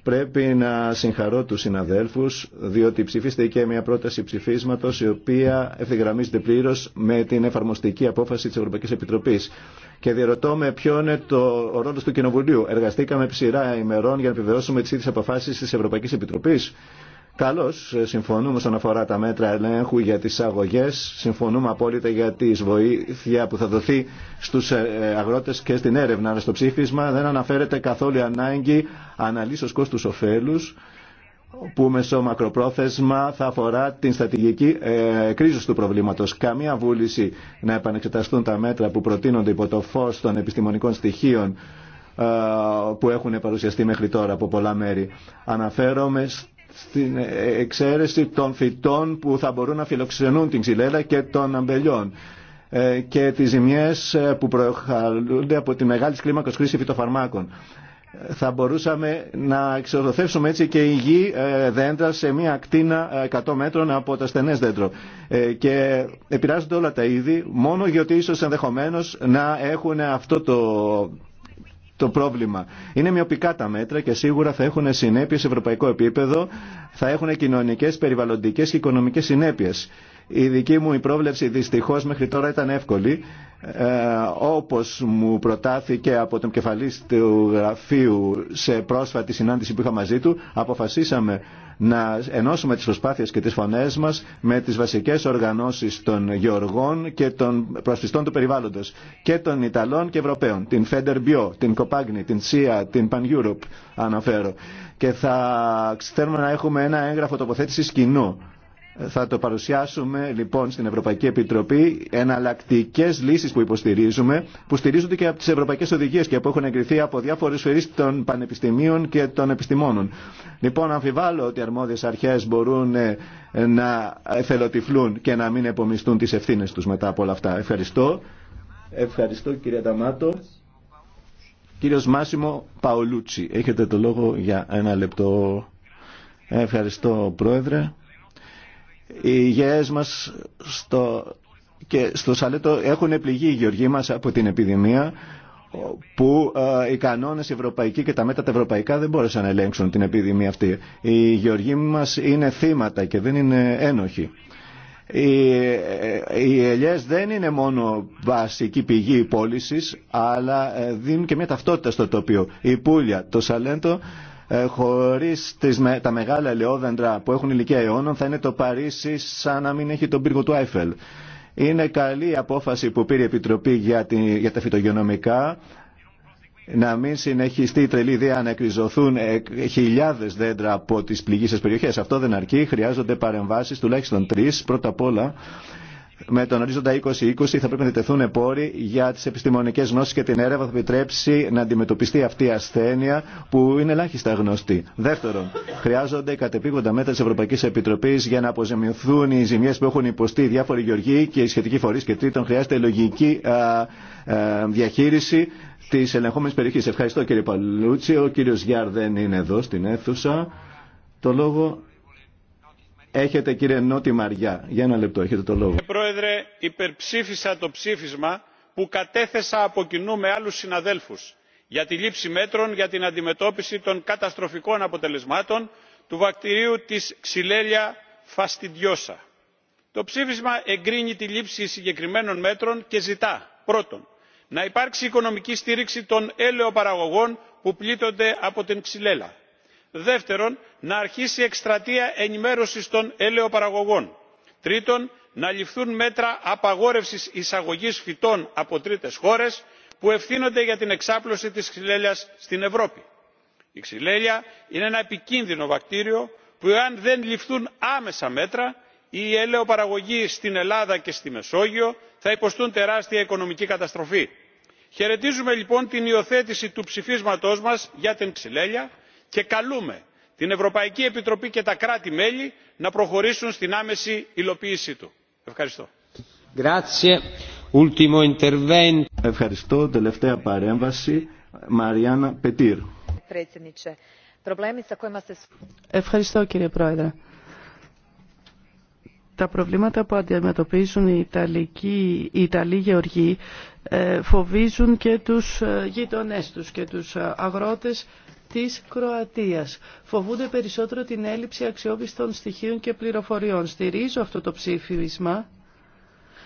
Πρέπει να συγχαρώ τους συναδέλφους, διότι ψηφίστε και μια πρόταση ψηφίσματος η οποία ευθυγραμμίζεται πλήρως με την εφαρμοστική απόφαση της Ευρωπαϊκής Επιτροπής. Και διερωτώ με ποιο είναι το, ο ρόλος του Κοινοβουλίου. Εργαστήκαμε ψηρά ημερών για να επιβεβαιώσουμε τις ίδιες αποφάσεις της Ευρωπαϊκής Επιτροπής. Καλώ ε, συμφωνούμε όσον αφορά τα μέτρα ελέγχου για τι αγωγέ. συμφωνούμε απόλυτα για τη βοήθεια που θα δοθεί στου ε, αγρότε και στην έρευνα, αλλά στο ψήφισμα δεν αναφέρεται καθόλου ανάγκη αναλύσεω κόστου ωφέλου, που μακροπρόθεσμα θα αφορά την στρατηγική ε, κρίση του προβλήματο. Καμία βούληση να επανεξεταστούν τα μέτρα που προτείνονται υπό το φω των επιστημονικών στοιχείων ε, που έχουν παρουσιαστεί μέχρι τώρα από πολλά μέρη. Αναφέρομαι στην εξαίρεση των φυτών που θα μπορούν να φιλοξενούν την ξυλέλα και των αμπελιών ε, και τις ζημιές ε, που προχαλούνται από τη μεγάλη κλίμακος χρήση φυτοφαρμάκων. Θα μπορούσαμε να εξοδοθεύσουμε έτσι και η γη ε, δέντρα σε μια ακτίνα 100 μέτρων από τα στενές δέντρο. Και επηρεάζονται όλα τα είδη μόνο γιατί ίσως ενδεχομένως να έχουν αυτό το το πρόβλημα. Είναι μειοπικά τα μέτρα και σίγουρα θα έχουν συνέπειε σε ευρωπαϊκό επίπεδο, θα έχουν κοινωνικέ, περιβαλλοντικέ και οικονομικέ συνέπειε. Η δική μου η πρόβλεψη δυστυχώς μέχρι τώρα ήταν εύκολη. Ε, όπως μου προτάθηκε από τον κεφαλής του γραφείου σε πρόσφατη συνάντηση που είχα μαζί του, αποφασίσαμε να ενώσουμε τις προσπάθειες και τις φωνές μας με τις βασικές οργανώσεις των γεωργών και των προσφυστών του περιβάλλοντος και των Ιταλών και Ευρωπαίων, την Φέντερ Bio, την Copagni, την CIA, την Pan Europe αναφέρω και θα θέλουμε να έχουμε ένα έγγραφο τοποθέτησης κοινού θα το παρουσιάσουμε λοιπόν στην Ευρωπαϊκή Επιτροπή εναλλακτικέ λύσει που υποστηρίζουμε, που στηρίζονται και από τι ευρωπαϊκέ οδηγίε και που έχουν εγκριθεί από διάφορε φορεί των πανεπιστημίων και των επιστημόνων. Λοιπόν, αμφιβάλλω ότι οι αρμόδιε αρχέ μπορούν ε, να εθελοτυφλούν και να μην επομιστούν τι ευθύνε του μετά από όλα αυτά. Ευχαριστώ. Ευχαριστώ κύριε Ταμάτο. Κύριος Μάσιμο Παολούτσι, έχετε το λόγο για ένα λεπτό. Ευχαριστώ πρόεδρε. Οι γεές μας στο, και στο Σαλέτο έχουν πληγεί οι γεωργοί μας από την επιδημία που οι κανόνες ευρωπαϊκοί και τα μέτρα τα ευρωπαϊκά δεν μπόρεσαν να ελέγξουν την επιδημία αυτή. Οι γεωργοί μας είναι θύματα και δεν είναι ένοχοι. Οι, ε, οι δεν είναι μόνο βασική πηγή πώληση, αλλά ε, δίνουν και μια ταυτότητα στο τοπίο. Η Πούλια, το Σαλέντο ε, χωρίς τα μεγάλα ελαιόδεντρα που έχουν ηλικία αιώνων θα είναι το Παρίσι σαν να μην έχει τον πύργο του Άιφελ. Είναι καλή η απόφαση που πήρε η Επιτροπή για, για τα φυτογενομικά να μην συνεχιστεί η τρελή ιδέα να εκριζωθούν ε, χιλιάδε δέντρα από τις πληγήσει περιοχές. Αυτό δεν αρκεί, χρειάζονται παρεμβάσεις τουλάχιστον τρει, Πρώτα απ' όλα με τον ορίζοντα 2020 θα πρέπει να τεθούν πόροι για τι επιστημονικέ γνώσει και την έρευνα θα επιτρέψει να αντιμετωπιστεί αυτή η ασθένεια που είναι ελάχιστα γνωστή. Δεύτερον, χρειάζονται κατεπίγοντα μέτρα τη Ευρωπαϊκή Επιτροπή για να αποζημιωθούν οι ζημιέ που έχουν υποστεί οι διάφοροι γεωργοί και οι σχετικοί φορεί. Και τρίτον, χρειάζεται λογική διαχείριση τη ελεγχόμενη περιοχή. Ευχαριστώ κύριε Παλούτσι. Ο κύριο Γιάρ δεν είναι εδώ στην αίθουσα. Το λόγο Έχετε κύριε Νότι Μαριά. Για ένα λεπτό έχετε το λόγο. Πρόεδρε, υπερψήφισα το ψήφισμα που κατέθεσα από κοινού με άλλους συναδέλφους για τη λήψη μέτρων για την αντιμετώπιση των καταστροφικών αποτελεσμάτων του βακτηρίου της ξυλέλια Φαστιντιώσα. Το ψήφισμα εγκρίνει τη λήψη συγκεκριμένων μέτρων και ζητά πρώτον να υπάρξει οικονομική στήριξη των έλαιοπαραγωγών που πλήττονται από την ξυλέλα δεύτερον να αρχίσει εκστρατεία ενημέρωσης των ελαιοπαραγωγών τρίτον να ληφθούν μέτρα απαγόρευσης εισαγωγής φυτών από τρίτες χώρες που ευθύνονται για την εξάπλωση της ξυλέλιας στην ευρώπη. η ξυλέλια είναι ένα επικίνδυνο βακτήριο που εάν δεν ληφθούν άμεσα μέτρα οι ελαιοπαραγωγοί στην ελλάδα και στη μεσόγειο θα υποστούν τεράστια οικονομική καταστροφή. χαιρετίζουμε λοιπόν την υιοθέτηση του ψηφίσματός μας για την ξυλέλια και καλούμε την ευρωπαϊκή επιτροπή και τα κράτη μέλη να προχωρήσουν στην άμεση υλοποίησή του. ευχαριστώ. Ευχαριστώ. Τελευταία παρέμβαση. Μαριάννα Πετήρ. Ευχαριστώ κύριε Πρόεδρε. Τα προβλήματα που αντιμετωπίζουν οι Ιταλικοί, οι Ιταλοί γεωργοί ε, φοβίζουν και τους ε, γείτονές τους και τους ε, αγρότες της Κροατίας. Φοβούνται περισσότερο την έλλειψη αξιόπιστων στοιχείων και πληροφοριών. Στηρίζω αυτό το ψήφισμα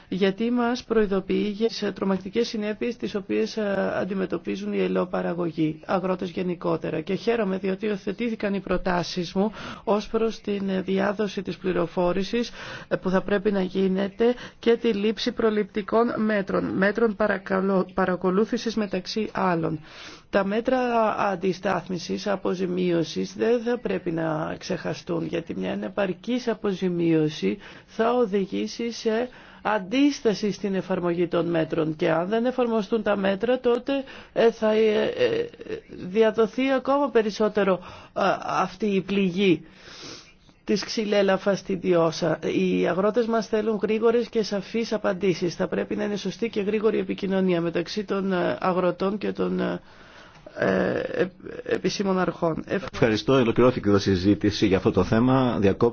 γιατί μας προειδοποιεί για τις τρομακτικές συνέπειες τις οποίες ε, αντιμετωπίζουν οι ελαιοπαραγωγοί, αγρότες γενικότερα. Και χαίρομαι διότι οθετήθηκαν οι προτάσεις μου ως προς την διάδοση της πληροφόρησης ε, που θα πρέπει να γίνεται και τη λήψη προληπτικών μέτρων, μέτρων παρακολούθησης μεταξύ άλλων. Τα μέτρα αντιστάθμισης, αποζημίωσης δεν θα πρέπει να ξεχαστούν γιατί μια ανεπαρκής αποζημίωση θα οδηγήσει σε αντίσταση στην εφαρμογή των μέτρων και αν δεν εφαρμοστούν τα μέτρα τότε ε, θα ε, ε, διαδοθεί ακόμα περισσότερο αυτή η πληγή της ξυλέλαφας στην Διώσα. Οι αγρότες μας θέλουν γρήγορες και σαφείς απαντήσεις. Θα πρέπει να είναι σωστή και γρήγορη επικοινωνία μεταξύ των αγροτών και των ε, ε, ε, επισήμων αρχών. Ευχαριστώ. Ελοκληρώθηκε η για αυτό το θέμα.